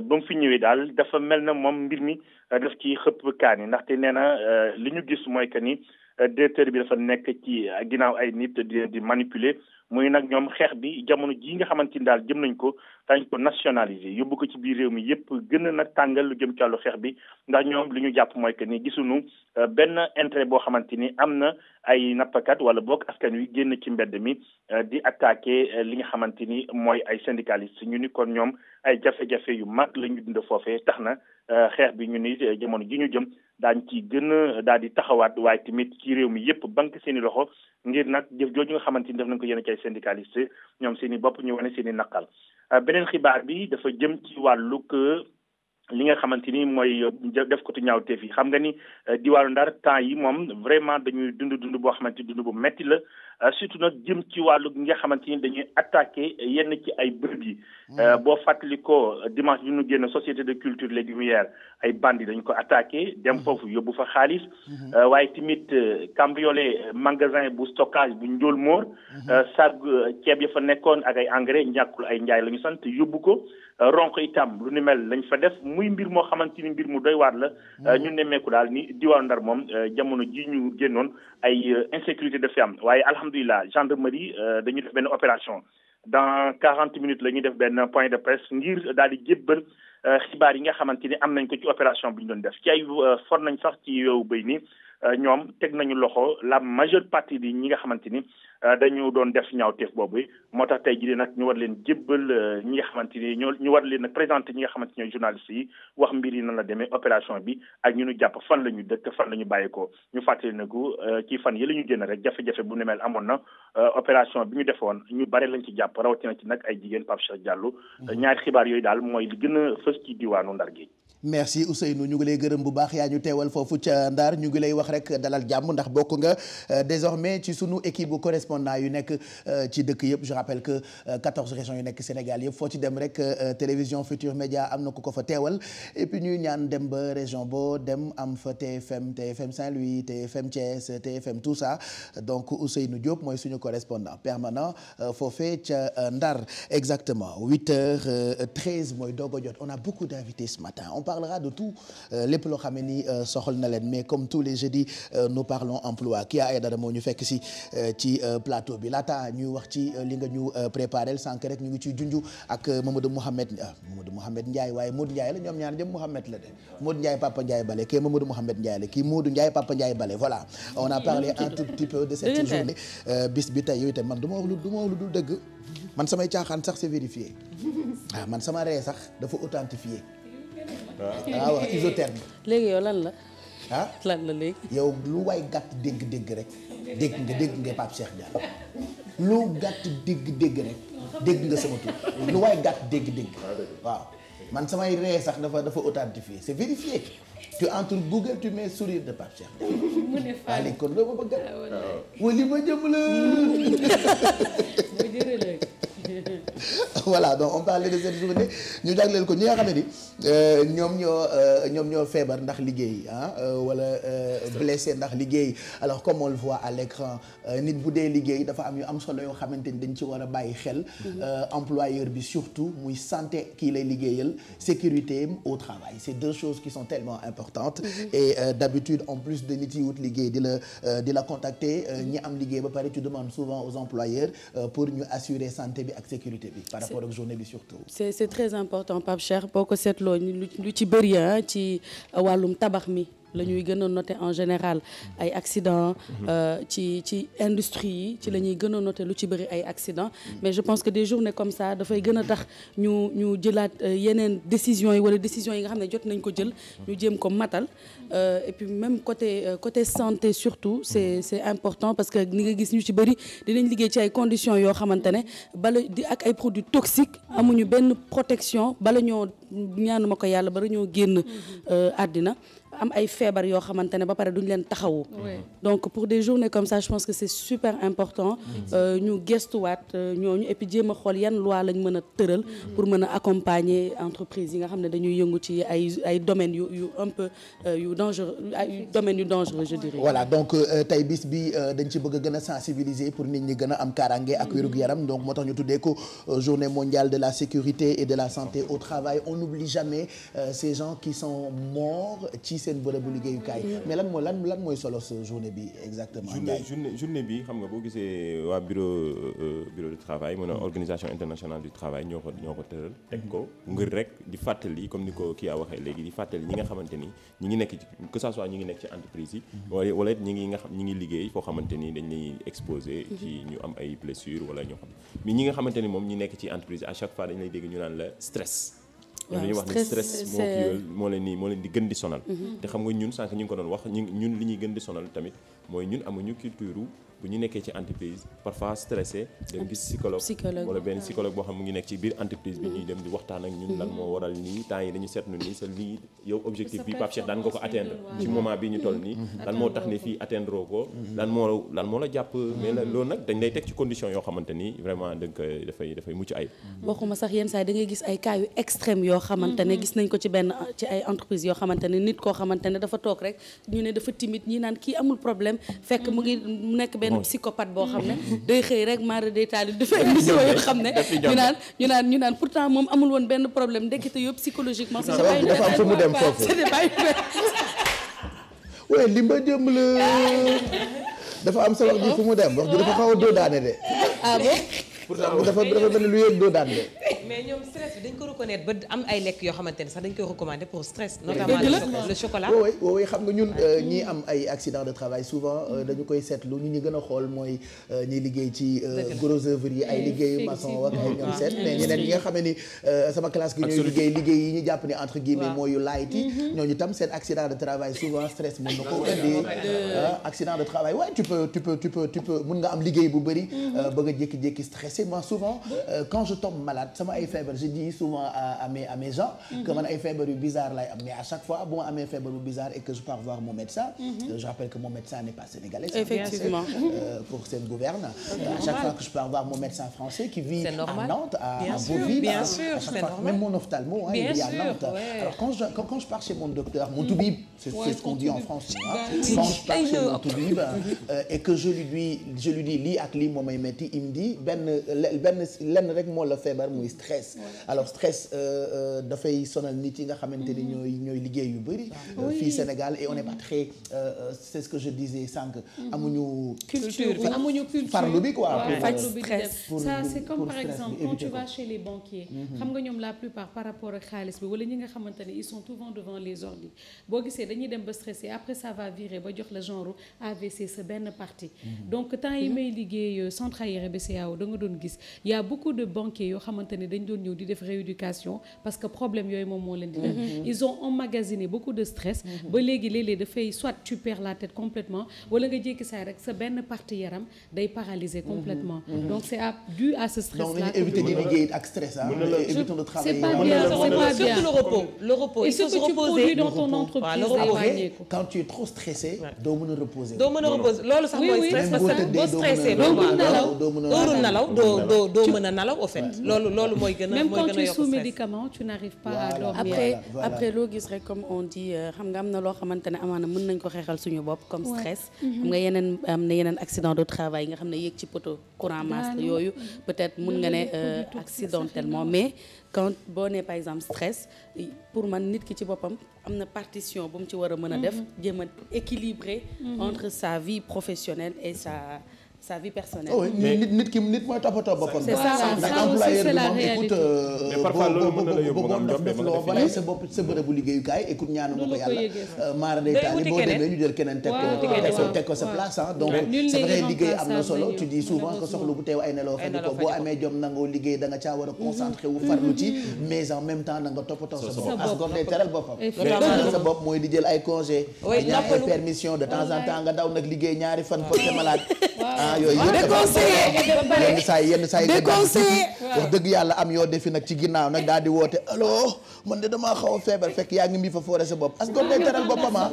Speaker 13: ba mu fi ñëwee daal dafa mel na moom mbir mi daf ci xëpp kaani ndaxte nee na li ñu gis mooy que nii directeur bi dafa nekk ci ginnaaw ay nit di di manipuler muy nag ñoom xeex bi jamono jii nga xamante ni daal jëm nañ ko dañ ko nationaliser yóbbu ko ci biir réew mi yëpp gën a nag tàngal lu jëm ci wàllu xeex bi ndax ñoom li ñu jàpp mooy que ni gisuñu euh, benn intérêt boo xamante ni am na ay nappakat wala boog askan wi génn ci mbedd mi euh, di attaquer euh, li nga xamante ni mooy ay syndicalistes ñu ni kon ñoom ay jafe-jafe yu mag la ñu dund foofee tax na Euh, xeex bi ñu ni euh, jamono ji ñu jëm daañ ci gën a daal di taxawaat waaye timit ci réew mi yëpp bank seeni loxo ngir nag jëf jooju nga xamante ni def nañ ko yéen ci ay syndicaliste ñoom seeni bopp ñu wane seen seeni naqal euh, beneen xibaar bi dafa jëm ci wàllug li nga xamante ni mooy euh, def ko tu ñaawteef yi xam nga ni euh, diwaalu ndar temps yi moom vraiment dañuy dund dund boo xamante dund bu metti la euh, surtout nag jëm ci wàllu gi nga xamante ni dañuy attaqué yenn ci ay bërëb yi mm. boo fàttali ko dimanche bi ñu génn société de culture légumière ay band bandi dañu ko attaqué dem mm. foofu yóbbu fa xaalis mm-hmm. waaye tamit cambriolé magasin bu stockage bu njool moor sag ceeb ya fa nekkoon ak ay engrais njàkkul ay njaay la ñu sant yóbbu ko ronk itam lu ni mel lañ fa def muy mbir moo xamante ni mbir mu doy waar la mm. euh, ñu nemmeeku daal ni diwaan Ndar moom euh, jamono ji ñu génnoon ay euh, insécurité daf fi am waaye alhamdulilah gendarmerie dañu def benn opération dans quarante minutes la ñuy def benn point de presse ngir daal di jébbal xibaar yi nga xamante ni am nañ ko ci opération bi ñu doon def ci ay for nañ sax ci yow bay nii Euh, ñoom teg nañu loxo la major partie di ñi nga xamante ni euh, dañu doon def ñaawteef boobu moo tax tey jii nag ñu war leen jébbal euh, ñi nga xamante ni ñoo ñu war leen présenté ñi nga xamante ñooy journaliste yi wax mbir yi nan la demee opération bi ak ñu nu jàpp fan la ñu dëkk fan la ñu bàyyeekoo ñu fàttali nag ci fan yi la ñu génn rek jafe-jafe bu ne meel amoon na opération bi ñu defoon ñu bare lañ ci jàpp rawatina ci nag ay jigéen Pape Cheikh Diallo mm-hmm. ñaari xibaar yooyu daal mooy li gën a fës ci diwaanu Ndar gi
Speaker 5: merci Ousseynou ñu ngi lay gërëm bu baax yaa ñu teewal foofu ca Ndar ñu ngi lay wax rek dalal jàmm ndax bokk nga euh, désormais ci suñu équipe bu correspondant yu nekk euh, ci dëkk yëpp je que 14 euh, régions yu nekk Sénégal yëpp foo ci dem rek télévision Futur Média am na ko ko fa teewal ñuy ñaan dem ba région boo dem am fa TFM TFM Saint-Louis TFM Thiès TFM tout ça donc Ousseynou Diop mooy suñu correspondant permanent foofee ca Ndar exactement 8h13 mooy doog a jot on a beaucoup d'invités ce matin parlera de tout euh, lépp loo xam ne ni euh, soxal na leen mais comme tous les jeudis euh, nous parlons emploi ñu fekk si bi laata ñuy wax ci li nga ñu préparé sànq rek ñu ngi ciy junj ak Mamadou Mouhamed Mamadou Mouhamed Ndiaye waaye Modou Ndiaye la ñoom ñaar jëm Mouhamed la de Modou Ndiaye Papa Ndiaye Bale kii Mamadou Mouhamed Ndiaye la kii Modou Ndiaye Papa Ndiaye Bale voilà on a parlé un tout de cette journée bis bi tey yooyu tam man du ma wax lu du lu dul dëgg man samay caaxaan sax c'est vérifié [laughs] ah man sama ree sax dafa authentifié
Speaker 10: waaw ah, waaw isotherme.
Speaker 5: léegi yow lan la. ah lan la léegi. yow lu waay gàtt dégg-dégg rek dégg nga dégg nga Pape Cheikh Dia gàtt dégg-dégg rek dégg nga sama tur lu waay gàtt dégg-dégg waaw man samay ree sax dafa dafa authentifié c'est vérifié tu entre Google tu mets sourire de Pape Cheikh mu ne Fane waaye kon loo ma bëgg ah, li ma jëm la. [laughs] [laughs] [laughs] voilà donc on parlait de cette journée ñu jagleel ko ñi nga xam ne ni euh, ñoom ñoo euh, ñoom ñoo feebar ndax liggéey ah euh, wala blessé ndax liggéey alors comme on le voit à l'écran nit bu dee liggéey dafa am yu am solo yoo xamante ni dañ ci war a bàyyi xel mhm. employeur bi surtout muy santé kii lay liggéeyal sécurité au travail c'est deux choses qui sont tellement importantes mhm. et d'habitude en plus de nit yi wut liggéey di la di la contacter ñi am liggéey ba pare tu demande souvent aux pour ñu assurer santé bi ak sécurité journée bi par rapport ak journée bi surtout
Speaker 14: c'est c'est très important Pape Cheikh boo ko seetloo lu ci bëri ah, ci wàllum tabax mi la ñuy gën a en général ay accident euh, ci ci industrie yi ci la ñuy gën a noté lu ci bëri ay accident mais je pense que des journées comme ça dafay gën a tax ñu ñu jëlaat euh, yeneen décisions yi wala décisions yi nga xam ne jot nañ ko jël ñu jéem ko matal euh, et puis même côté côté santé surtout c'est c'est important parce que ni nga gis ñu ci bëri dinañ liggéey ci ay conditions yoo xamante ne bala di ak ay produits toxiques amuñu benn protection bala ñoo ñaanuma ko yàlla bala ñoo génn àddina am ay feebar yoo xamante ne ba pare duñ leen taxawu donc pour des journées comme ça je pense que c'est super important mm-hmm. euh, ñu gestuwaat euh, ñooñu et puis jéem a xool yan loi lañ mën a tëral mm-hmm. pour mën a accompagner entreprise yi nga xam ne dañuy yëngu ci ay ay yu yu un peu euh, yu dangereux ay domaines yu dangereux je dirais donc
Speaker 5: tey bis bi dañ ci bëgg gën a sensibiliser pour nit ñi gën a am kaaraange ak mm-hmm. wérug yaram donc moo tax ñu tuddee ko journée mondiale de la sécurité et de la santé au travail on n'oublie jamais ces gens qui sont morts ci seen bërëbu liggéeyukaay. Mm-hmm. mais lan mooy lan mooy solo sa journée bi exactement. journée
Speaker 9: journée journée bi xam nga boo gisee waa bureau euh, bureau de travail mu ne mm-hmm. organisation internationale du travail ñoo ko ñoo ko tëral. teg ko mm-hmm. ngir rek di fàttali comme ni ko kii a waxee léegi di fàttali ñi nga xamante ni ñi ngi nekk ci que ça soit ñi ngi nekk ci entreprise yi. wala wala ñi ngi nga xam ñi ngi liggéey foo xamante ni dañ lay exposé. ci ñu wala ñoo ñi nga xamante ni moom ñi nekk ci entreprise à chaque fois dañ lay dégg ñu naan la stress. ñoom dañuy wax ni stress moo kii moo leen nii moo leen di gën di sonal mm-hmm. te xam nga ñun sànq ñu ngi ko doon wax ñu ñun li ñuy gën di sonal tamit mooy ñun amuñu culture bu ñu nekkee ci entreprise parfois stressé dem gis psychologue wala benn psychologue boo xam mu ngi nekk ci biir entreprise bi ñuy dem di mm-hmm. mm-hmm. ni
Speaker 14: mm-hmm. ay cas extrême yoo xamante gis nañ ko ci benn ci ay entreprise yoo xamante nit koo xamante ne dafa toog rek ñu ne dafa timide ñi naan kii amul problème fekk mu ngi mu benn oh. psychopathe boo xam ne mm-hmm. Mm-hmm. day xëy rek mara day taali di fa émission yoo xam ne ñu naan ñu naan ñu naan pourtant moom amul woon benn problème ndekete yow psychologiquement c'est pas une benn
Speaker 5: waaye li ma jëm la dafa am sa wax ji fu mu dem wax ji dafa xaw a doo daane de ah pourtant dafa dafa mel ni lu yëg doo daan de.
Speaker 8: mais ñoom stress bi dañ ko reconnaître ba am ay lekk yoo xamante ne sax dañ koy recommander pour stress. notamment le chocolat woowee
Speaker 5: woowee xam nga ñun euh, ñi am ay accident de travail souvent euh, mm-hmm. dañu koy seetlu ñu ñu gën a xool mooy euh, ñu liggéey ci gros œuvre yi ay liggéeyu maçon ak ay ñoom seet mais ñeneen ñi nga xam ne sama classe gi ñooy liggéey liggéey yi ñu jàpp ni entre guillemets mooy yu light yi mm-hmm. ñooñu tam seen accident de travail souvent stress mën na ko indi ah, accident de travail waaye tu bu bëri mm-hmm. sais moi souvent euh, quand je tombe malade sama ay feebar je dis souvent à, à mes à mes gens mhm. que man ay feebar yu bizarre lay am mais à chaque fois bu ma amee feebar bu bizarre et que je pars voir mon médecin mhm. euh, je rappelle que mon médecin n'est pas sénégalais effectivement euh, pour cette gouverne à chaque fois que je pars voir mon médecin français qui vit à Nantes à, à Beauville bien sûr à chaque fois même mon ophtalmo hein, il vit à Nantes ouais. alors quand je quand, quand je pars chez mon docteur mon mm. toubib c'est ouais, ce qu'on dit en France hein, quand je pars chez mon toubib [laughs] euh, et que je lui dis je lui dis lii ak lii moo may metti il me dit benn benn lenn rek moo la feebar muy stress alors stress euh, euh, dafay sonal nit yi nga xamante ni mm-hmm. ñooy ñooy liggéey yu bëri euh, fii Sénégal et on est pas mm-hmm. très c'est ce que je disais sànq mm-hmm. amuñu culture bi amuñu comme par exemple
Speaker 8: chez les banquiers xam nga ñoom la plupart par rapport ak xaalis bi wala ñi nga xamante ne ils sont souvent devant les ordi boo gisee dañuy dem ba stressé après ça va virer ba jox la genre AVC sa benn partie donc temps yi may liggéey doon gis y a beaucoup de banquiers yoo xamante ne dañ doon ñëw di def rééducation parce que problème yooyu moom moo leen di dal mhm. ils ont emmagasiné beaucoup de stress mhm. ba léegi léeg-léeg dafay soit tu perds la tête complètement wala nga jékki saay rek sa benn partie yaram day paralysé complètement mhm. donc c'est à dû
Speaker 5: à ce stress là éviter di liggéey ak stress ah évitons de travailler c'est pas bien c'est pas bien surtout le repos le repos il faut se reposer dans ton entreprise day quand tu es trop stressé doo mën a reposer doo mën a reposer loolu sax mooy stress parce que boo stressé doo mën a nalaw doo mën a nalaw doo
Speaker 8: doo mën a nalaw
Speaker 5: au fait. loolu mooy gën
Speaker 8: a mooy gën a yokk même
Speaker 14: quand tu après loo gis rek comme on dit euh, xam nga am na loo xamante ne amaana mën nañ ko xeexal suñu bopp comme stress. Mhm. xam nga yeneen am na yeneen accident de travail yi nga xam ne yéeg ci poto courant masse la yooyu peut-être mën nga ne euh, accidentellement mais. quand boo nee par exemple stress pour man nit ki ci boppam am na partition bu mu ci war a mën a def mhm. jéem a mhm. entre sa vie professionnelle et sa sa vie personnelle.
Speaker 5: Oh oui nit nit ki nit mooy toppatoo boppam. c'est ça ça aussi c'est la réalité euh, mais parfois loolu nga am da nga caa war a mm-hmm. concentré wu farlu ci mm-hmm. mais en même temps da nga toppatoo sa bopp as mooy di jël ay congé ay permission de temps en temps nga daw nag liggéey ñaari fan porté malade yooy yooyu yenn saa yi yenn saa yi wax dëgg yàlla am yoo defi nag ci ginnaaw nag daal di woote aloo man de damaa xaw a feebar fekk yaa ngi mbi fa foore sa bopp as gor day teral boppam ah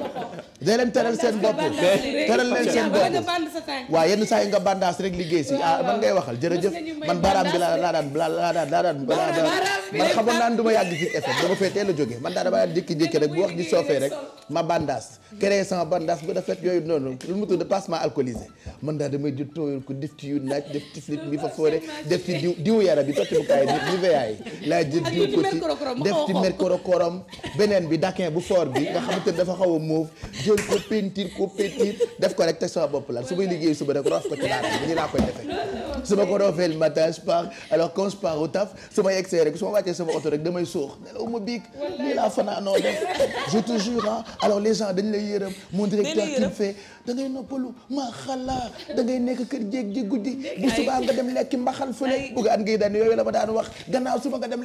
Speaker 5: day leen teral seen bopp teral leen seen
Speaker 14: bopp waaw
Speaker 5: yenn saa yi nga bandaas rek liggéey si ah man ngay waxal jërëjëf man baaraam bi laa laa daan laa daan laa daan man xamoon naan du ma yàgg ci effet dama fee teel a jóge man daa dama daan jékki-jékki rek bu wax ji soofee rek ma bandaas créé sama bandaas bu rafet yooyu noonu lu mu tudd passement alcoolisé man daal damay jël tooyal ko def ci yu naaj def ci flip bi fa foore def ci diw yaram bi tocc bi laa jël diw ko ci def ci oh. bi dakin bu fort bi nga xamante ne dafa xaw a mauve jël ko peinture ko peinture def ko rek teg sama bopp la su may liggéey suba rek roof ko ci laata bi ñu laa koy defee su ma ko roofee le matin je pars alors quand je su ma yegsee rek su ma wàccee sama oto rek damay suux nelaw ma biig lii laa alors les gens lay yërëm moo directeur qu'il fait da ngay noppalu maa xalaat da ngay nekk kër jéeg ji guddi bu subaa nga dem lekk mbaxal fële bu nga an ngay daan yooyu la ma daan wax gannaaw suba nga dem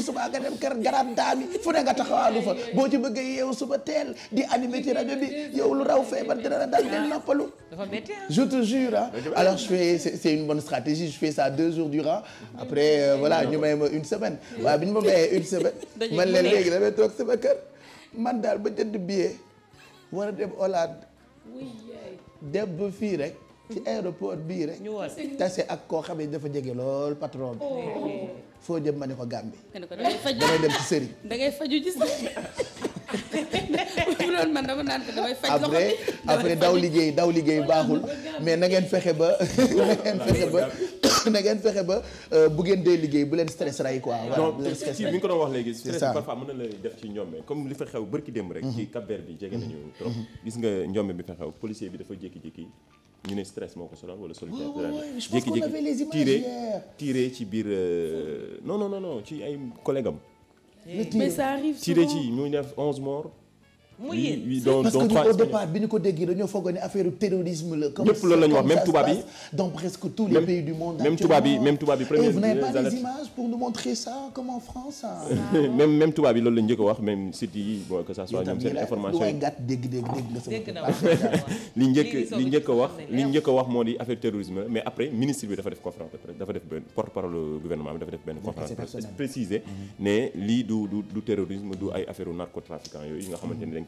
Speaker 5: subaa nga dem kër garab daami fu ne nga taxawaalu fa boo ci bëggee yeewu suba teel di animé ci rajo bi yow lu raw feebar dina la daal del noppalu je te jure ah alors je fais c'est une bonne stratégie je fais ça deux jours durant après euh, voilà ñu may ma une semaine mm. waaw bi ñu ma mayee une semaine [laughs] man leen léegi damay toog sama kër man daal ba jënd billet war a dem Hollande dem ba fii rek ci aéroport bii rek tase ak koo xam ne dafa jege lool patron bi oh. foo jëm ma ne ko gam bi
Speaker 14: damay dem ci sëriñ da ngay ci sëriñ [laughs] bu [laughs] doon man dama après daw liggéey
Speaker 5: daw liggéey baaxul mais na ngeen fexe ba [laughs] na ngeen fexe ba [coughs] na euh, bu ngeen dee liggéey bu leen stress ray quoi. waaw bu leen stress ray mi ngi ko doon wax léegi. stress bi
Speaker 9: parfois na la def ci ñoom comme li fa xew bërki dem rek. ci Cap bi jege nañu mm-hmm. trop. Mm-hmm. gis nga ñoom bi fa xew policier bi dafa jékki-jékki. ñu ne stress moo ko solal wala solitaire jékki-jékki tiire tiire ci biir euh, non non non ci ay collègue mais ça arrive souvent tiré ci ñu def onze morts. mu yéen parce que au départ
Speaker 5: bi ñu ko déggee dañoo foogoo ne affaire terrorisme la. comme
Speaker 10: tubaab
Speaker 9: yi
Speaker 5: dans presque tous les pays du monde. même tubaab
Speaker 9: loolu la njëkk a wax même site yi bon que ça soit ñoom seen information yi li njëkk li a wax li njëkk a wax moo di affaire terrorisme la mais après ministre bi dafa def conférence dafa def benn porte-parole gouvernement bi dafa def benn conférence préciser mm-hmm. ne lii du du du ay affaire narcotrafiquant yooyu nga xamante ne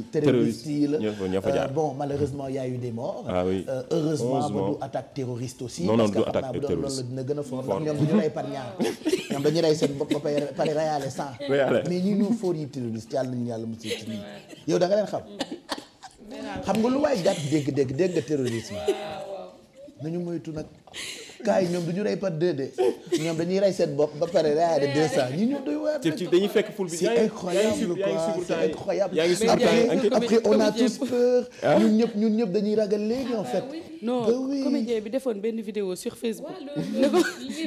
Speaker 5: yi terroristes yi la euh, bon malheureusement y a eu des morts ah euh, heureusement ba du attaque terroriste aussi non non du attaque terroriste loolu la dina gën a fort ndax ñoom dañu rey par ñaar ñoom dañu rey seen bopp ba pare reyaale sans mais ñi ñu fóor yi terroriste yàlla nañu yàlla mos ci lii yow da nga leen xam xam nga lu waay gàtt dégg dégg dégg nga terrorisme nañu moytu nag gars yi ñoom du ñu rey par deux de ñoom dañuy rey seen bopp ba pare rey de deux cent ñi ñoom doy waar. c'est incroyable après on a tous peur ah. ñun ñëpp ñun ñëpp dañuy ragal léegi en fait. Ah non comédien bi
Speaker 14: defoon benn vidéo sur Facebook.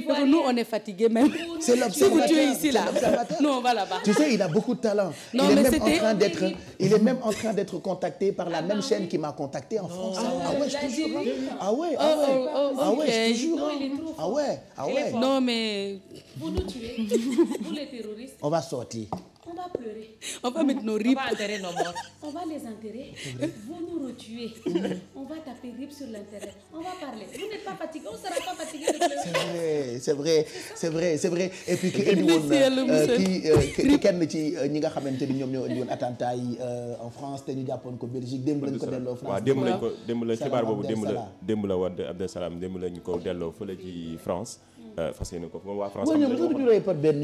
Speaker 14: waaw [laughs] nous on est fatigué même. c'est l'observateur si vous ici là non voilà bah. tu sais
Speaker 5: il a beaucoup de talent. non mais c'était il est même en train d'être il est même en train d'être contacté par la ah, même chaîne qui m'a contacté en France. ah ouais je te jure ah ouais ah ouais
Speaker 14: ah ouais je te jure
Speaker 5: ah ouais ah ouais. non
Speaker 14: mais. vous nous tuez [laughs]
Speaker 8: vous les terroristes.
Speaker 5: on va sortir.
Speaker 8: on va pleurer.
Speaker 5: on va mettre c'est vrai c'est vrai c'est vrai et puis ki indi woon
Speaker 9: euh, kii
Speaker 5: euh, kenn ci euh, ñi nga xamante ni ñoom ñoo indi woon attentat yi en France te ñu jàppoon ko Belgique démb lañ ko delloo France. waaw démb lañ ko démb la boobu démb la
Speaker 9: démb la woon Abdel Salam démb lañ delloo fële ci France. Euh, fas yéene ko waa France. par benn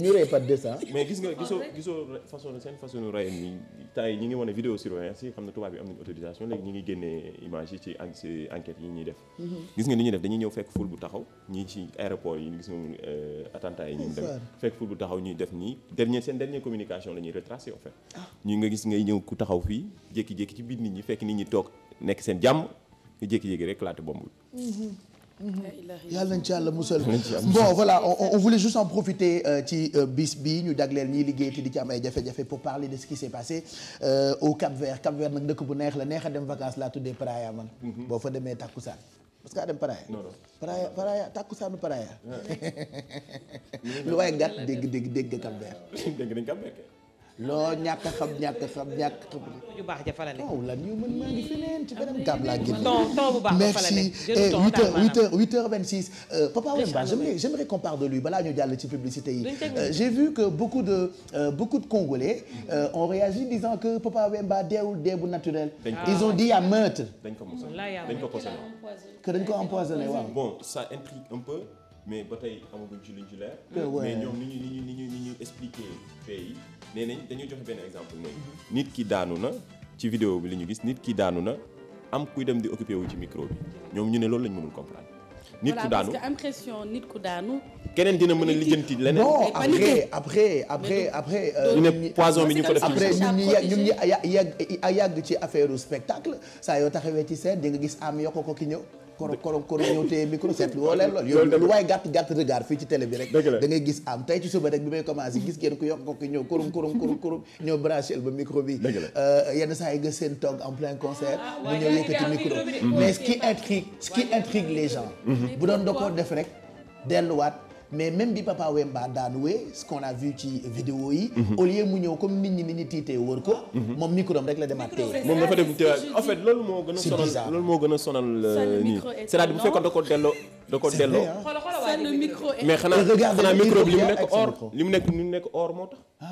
Speaker 9: mais gis nga gisoo gisoo façon seen façon nu yi ngi wane vidéo surveillance yi xam na tubaab yi am nañu autorisation léegi ñi ngi génnee image yi ci ñuy def. Mhm. gis nga ni ñuy def dañuy ñëw fekk ful bu taxaw ñii ci aéroport yi gis nga euh, fekk ful bu taxaw ñuy def nii dernier seen dernier communication la ñuy retracé en fait. Ah. nga gis ngay ñëw ku taxaw fii jékki-jékki ci biir nit ñi fekk nit ñi toog nekk seen jàmm nga jékki-jékki rek laate bomb Mm-hmm.
Speaker 5: yàlla nañ ci yàlla musal bon voilà on, on voulait juste en profiter euh, ci euh, bis bi ñu jagleel ñiy liggéey te di ci am ay jafe-jafe pour parler de ce qui s'est passé euh, au Cap Vert Cap Vert nag dëkk bu neex la neex a dem vacances laa tuddee Praia man mm-hmm. boo fa demee takkusaan parce que a dem Praia Praia Praia takkusaanu Praia [laughs] lu waaye gàtt dégg dégg dégg Vert [laughs] loo ñàkk xam ñàkk xam ñàkk xam. ju baax ja falale. waaw lan yu mën maa ngi feneen ci beneen gamme laa génn. ton ton bu baax ba falale merci et 8h 8h 8h26. Papa Wemba j'aimerais j'aimerais qu'on parle de lui balaa ñu jàll ci publicité yi. Euh, j'ai vu que beaucoup de euh, beaucoup de Congolais euh, ont réagi disant que Papa Wemba deewul dee bu naturel. ils ont dit y a meurtre.
Speaker 9: dañ ko mos dañ ko poisonné. que dañ ko empoisonné waaw. bon ça intrigue un peu. mais ba tey amaguñ ci luñ ci leer. mais ñoom ni ñu ni ñu ni ñu ni ñu expliqué fee yi nee nañ dañuy joxe benn exemple ne nit ki daanu na ci vidéo bi li ñu gis nit ki daanu na am kuy dem di occupé wu ci micro ñoom ñu ne loolu lañ mënul comprendre. nit ku daanu voilà
Speaker 14: parce nit ku daanu.
Speaker 9: keneen dina mën a lijjanti leneen. non après
Speaker 5: après après après. ñu ne poison bi ñu ko def après ñun ñu ñun yàgg ci affaire spectacle saa yoo taxawee ci seen di nga gis am yokk ko ki ñëw. koro koro ñëw téye micro lu waaye gàtt gàtt regard fii ci télé bi rek da gis am tey ci suba rek bi may commencé gis ngeen ku yokk ko ki ñëw kurum kurum kurum kurum ñëw branchel ba micro bi euh, yenn saa yi seen toog en plein concert ah, mu ñëw yëkkati micro mais ce intrigue ce intrigue les mhm. bu doon da koo def rek delluwaat mais même bi Papa ba daanuwee ce qu'on a vu ci vidéo yi. Mhm. au lieu mu ñëw comme nit ñi ni ñu tiitee wër ko. Mhm. moom micro am rek la demaat téye.
Speaker 9: moom dafa dem téye en fait loolu moo gën a sonal loolu moo gën a sonal euh, nii c'est-à-dire bu fekkoon da ko delloo. da ko delloo
Speaker 8: mais xanaa xanaa micro bi
Speaker 9: li mu nekk li mu nekk ni mu nekk or moo tax. ah,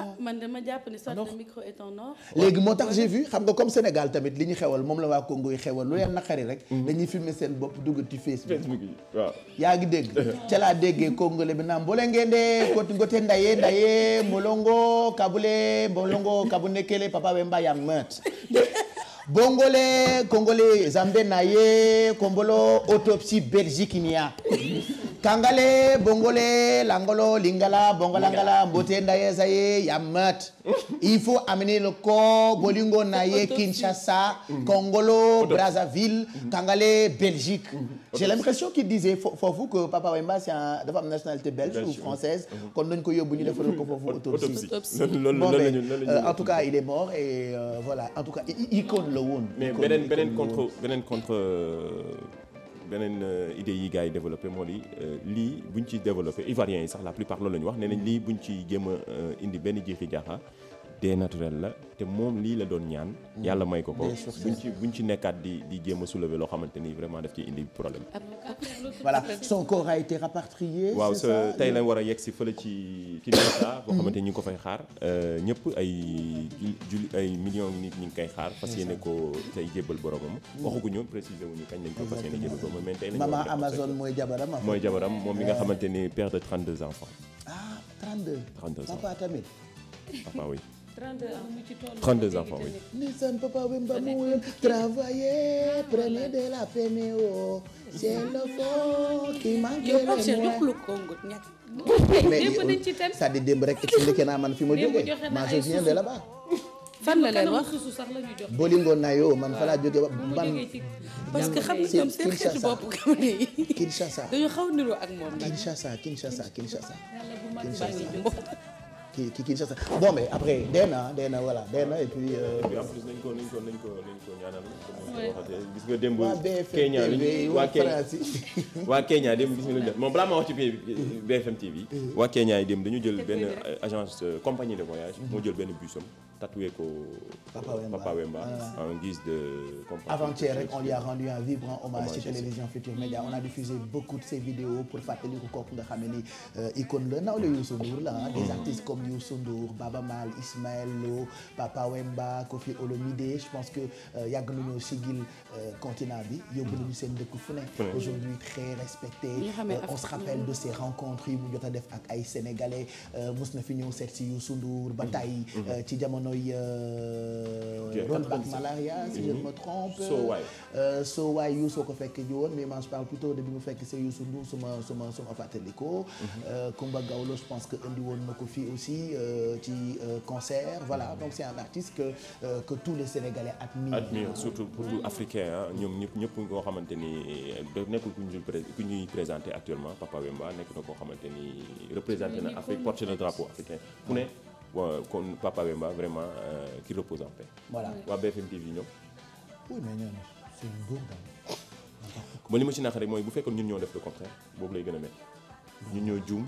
Speaker 14: ah man dama jàpp ne sax le micro est en
Speaker 9: léegi
Speaker 5: moo tax j'ai vu xam nga comme Sénégal tamit li ñu xewal moom la waa Congo yi xewal lu leen naqari rek. Mhm. dañuy filmer seen bopp dugg ci Facebook. Facebook yi waaw. yaa ngi dégg. [laughs] ca laa déggee congolais bi naan mboole ngeen de côté côté Ndaye Ndaye Molongo Kabule Molongo Kabunekele Papa Wemba yaa mët. bongole kongole eza nde na ye kombolo autopsie belgique nia kangale bongole langolo lingala bongalangala mbote ndaye saye yamat il faut amener le corps bolingo naye Kinshasa Congolo mhm. Brazzaville mhm. kangale Belgique mhm. j'ai l'impression qu'il disait foofu que Papa Wemba c'est a dafa am nationalité belge ou française kon nañ ko yóbbu ñu defal ko foofu autopsie euh, bon ben en tout cas il est mort et euh, voilà en tout cas icône la contre
Speaker 9: beneen contre euh, beneen euh, idée yi gars yi développé moo di euh, lii buñ ci développé ivoiriens yi sax la plupart loolu la ñu wax nee nañ lii buñ ci jéem a euh, indi benn jiixi jaaxa dee naturel la te moom lii la doon ñaan. Mm-hmm. yàlla may ko ko buñ ci buñ ci nekkaat di di jéem a soulever loo xamante ni vraiment daf ci indi problème.
Speaker 5: voilà son corps a été rapatrié. waaw sa tey la
Speaker 9: war a yegg si fële ci Kinshasa. boo mm-hmm. xamante ni ñu ko fay xaar. Euh, ñëpp ay juli ay millions nit ñu ngi koy xaar. fas yéene ko tey jébbal boromam. Mm-hmm. waxaguñu préciser wuñu kañ lañ ko fas yéene jébbal boromam mais tey lañ. maman
Speaker 5: Amazon mooy jabaram mooy jabaram moom mi nga euh. xamante
Speaker 9: ni père de 32 enfants. ah
Speaker 5: 32. 32 enfants oui. Nissan papa Wemba Mouem, travaillez, prenez de la FMEO. C'est le ki qui manque les moyens.
Speaker 14: mais yow ça
Speaker 5: di démb rek expliqué naa man fi ma jógee ma je viens de là-bas.
Speaker 14: fan la leen wax
Speaker 5: Bolingo Nayo man fa laa jógee ban. parce que xam nga ñoom seen xeetu bopp gawne yi. Kinshasa dañu
Speaker 14: xaw niroo ak moom nag.
Speaker 5: Kinshasa Kinshasa qui qui qui ça bon mais après dee na dee na voilà dee na et puis. Euh, et puis en plus
Speaker 9: nañu ko nañu ko nañu ko nañu ko ñaanal. gis nga démb. waa BFM TV waa Kenya waa Kenya démb gis nga lu ñu def moom balaa ma wax ci BFM TV. Mm. waa Kenya yi démb dañu jël benn agence euh, compagnie de voyage. moo jël benn busam. tatoué ko Papa Wemba, Papa Wemba ah. en guise de avant-hier rek on lui a
Speaker 5: rendu un vibrant hommage ci télévision Futur Média on a diffusé beaucoup de ses vidéos pour fàttali ko kooku nga xam ne ni euh, icône la nawle Youssou Ndour la des mm. artistes comme Youssou Ndour Baba Maal Ismaël Lo Papa Wemba Koffi Olomide je pense que euh, yàgg nañoo sigil euh, continent bi yóbbu nañu seen dëkk fu ne aujourd'hui très respecté on se rappelle de ces rencontres yi mu jot a def ak ay sénégalais mos na fi ñëw seet si Youssou Ndour ba mm. tey mm. ci jamono jamonoy. Euh, rollback Malaya si je ne me trompe. Mm-hmm. Soowaay euh, Soowaay Youssou ko fekk ji woon mais man je parle plutôt de bi mu fekk su Youssou Ndour suma suma suma fàttalikoo. Mm-hmm. Euh, Kumba Gawlo je pense que indi woon na ko fii aussi ci concert voilà mm-hmm. donc c'est un artiste que que tous les Sénégalais admirent. admirent surtout pour
Speaker 9: ñoom ñëpp ñëpp nga xamante ni nekkul ku ñuy présenté actuellement Papa Wemba nekk na koo xamante ni représenté na Afrique porté na drapeau africain kon Papa Wemba vraiment euh, qui repose en paix. voilà waa BFM TV ñoom.
Speaker 3: oui mais ñooñu c'est une
Speaker 9: ba li ma ci naax mooy bu fekkoon ñun ñoo def le contraire boobu lay gën a ñun ñoo juum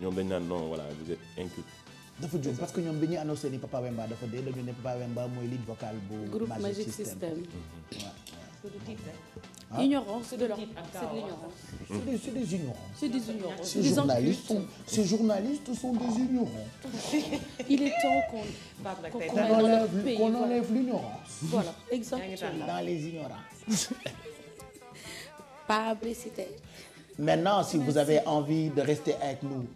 Speaker 9: ñoom dañ naan non voilà vous êtes incultes.
Speaker 5: dafa juum parce que ñoom bi ñuy annoncé ni Papa Wemba dafa dee dañu ne Papa Wemba mooy lead vocal bu. Magic System Ah.
Speaker 11: ignorance de leur c'est
Speaker 5: des c'est des ignorants.
Speaker 11: c'est des ignorants.
Speaker 5: Ces journalistes des ignorants.
Speaker 8: [laughs] il est temps qu'on
Speaker 11: qu'on enlève qu'on enlève
Speaker 5: l'ignorance. voilà
Speaker 8: [laughs] exactement. dans les ignorants.
Speaker 11: [laughs]
Speaker 5: Maintenant si vous avez envie de rester avec nous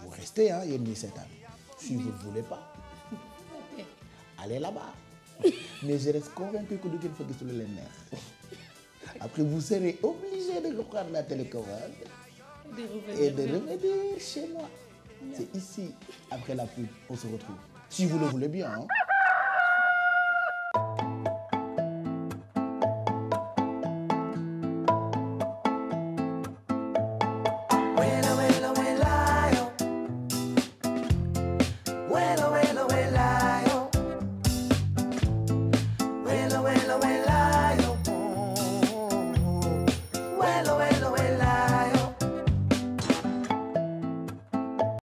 Speaker 5: vous restez hein yéen ñi seetaan si vous ne voulez pas allez là-bas mais je reste convaincu que du ngeen fa gis lu leen neex. Après, vous serez obligé de reprendre la télécommande et de revenir chez moi. C'est ici, après la pub, on se retrouve. Si vous le voulez bien. Hein.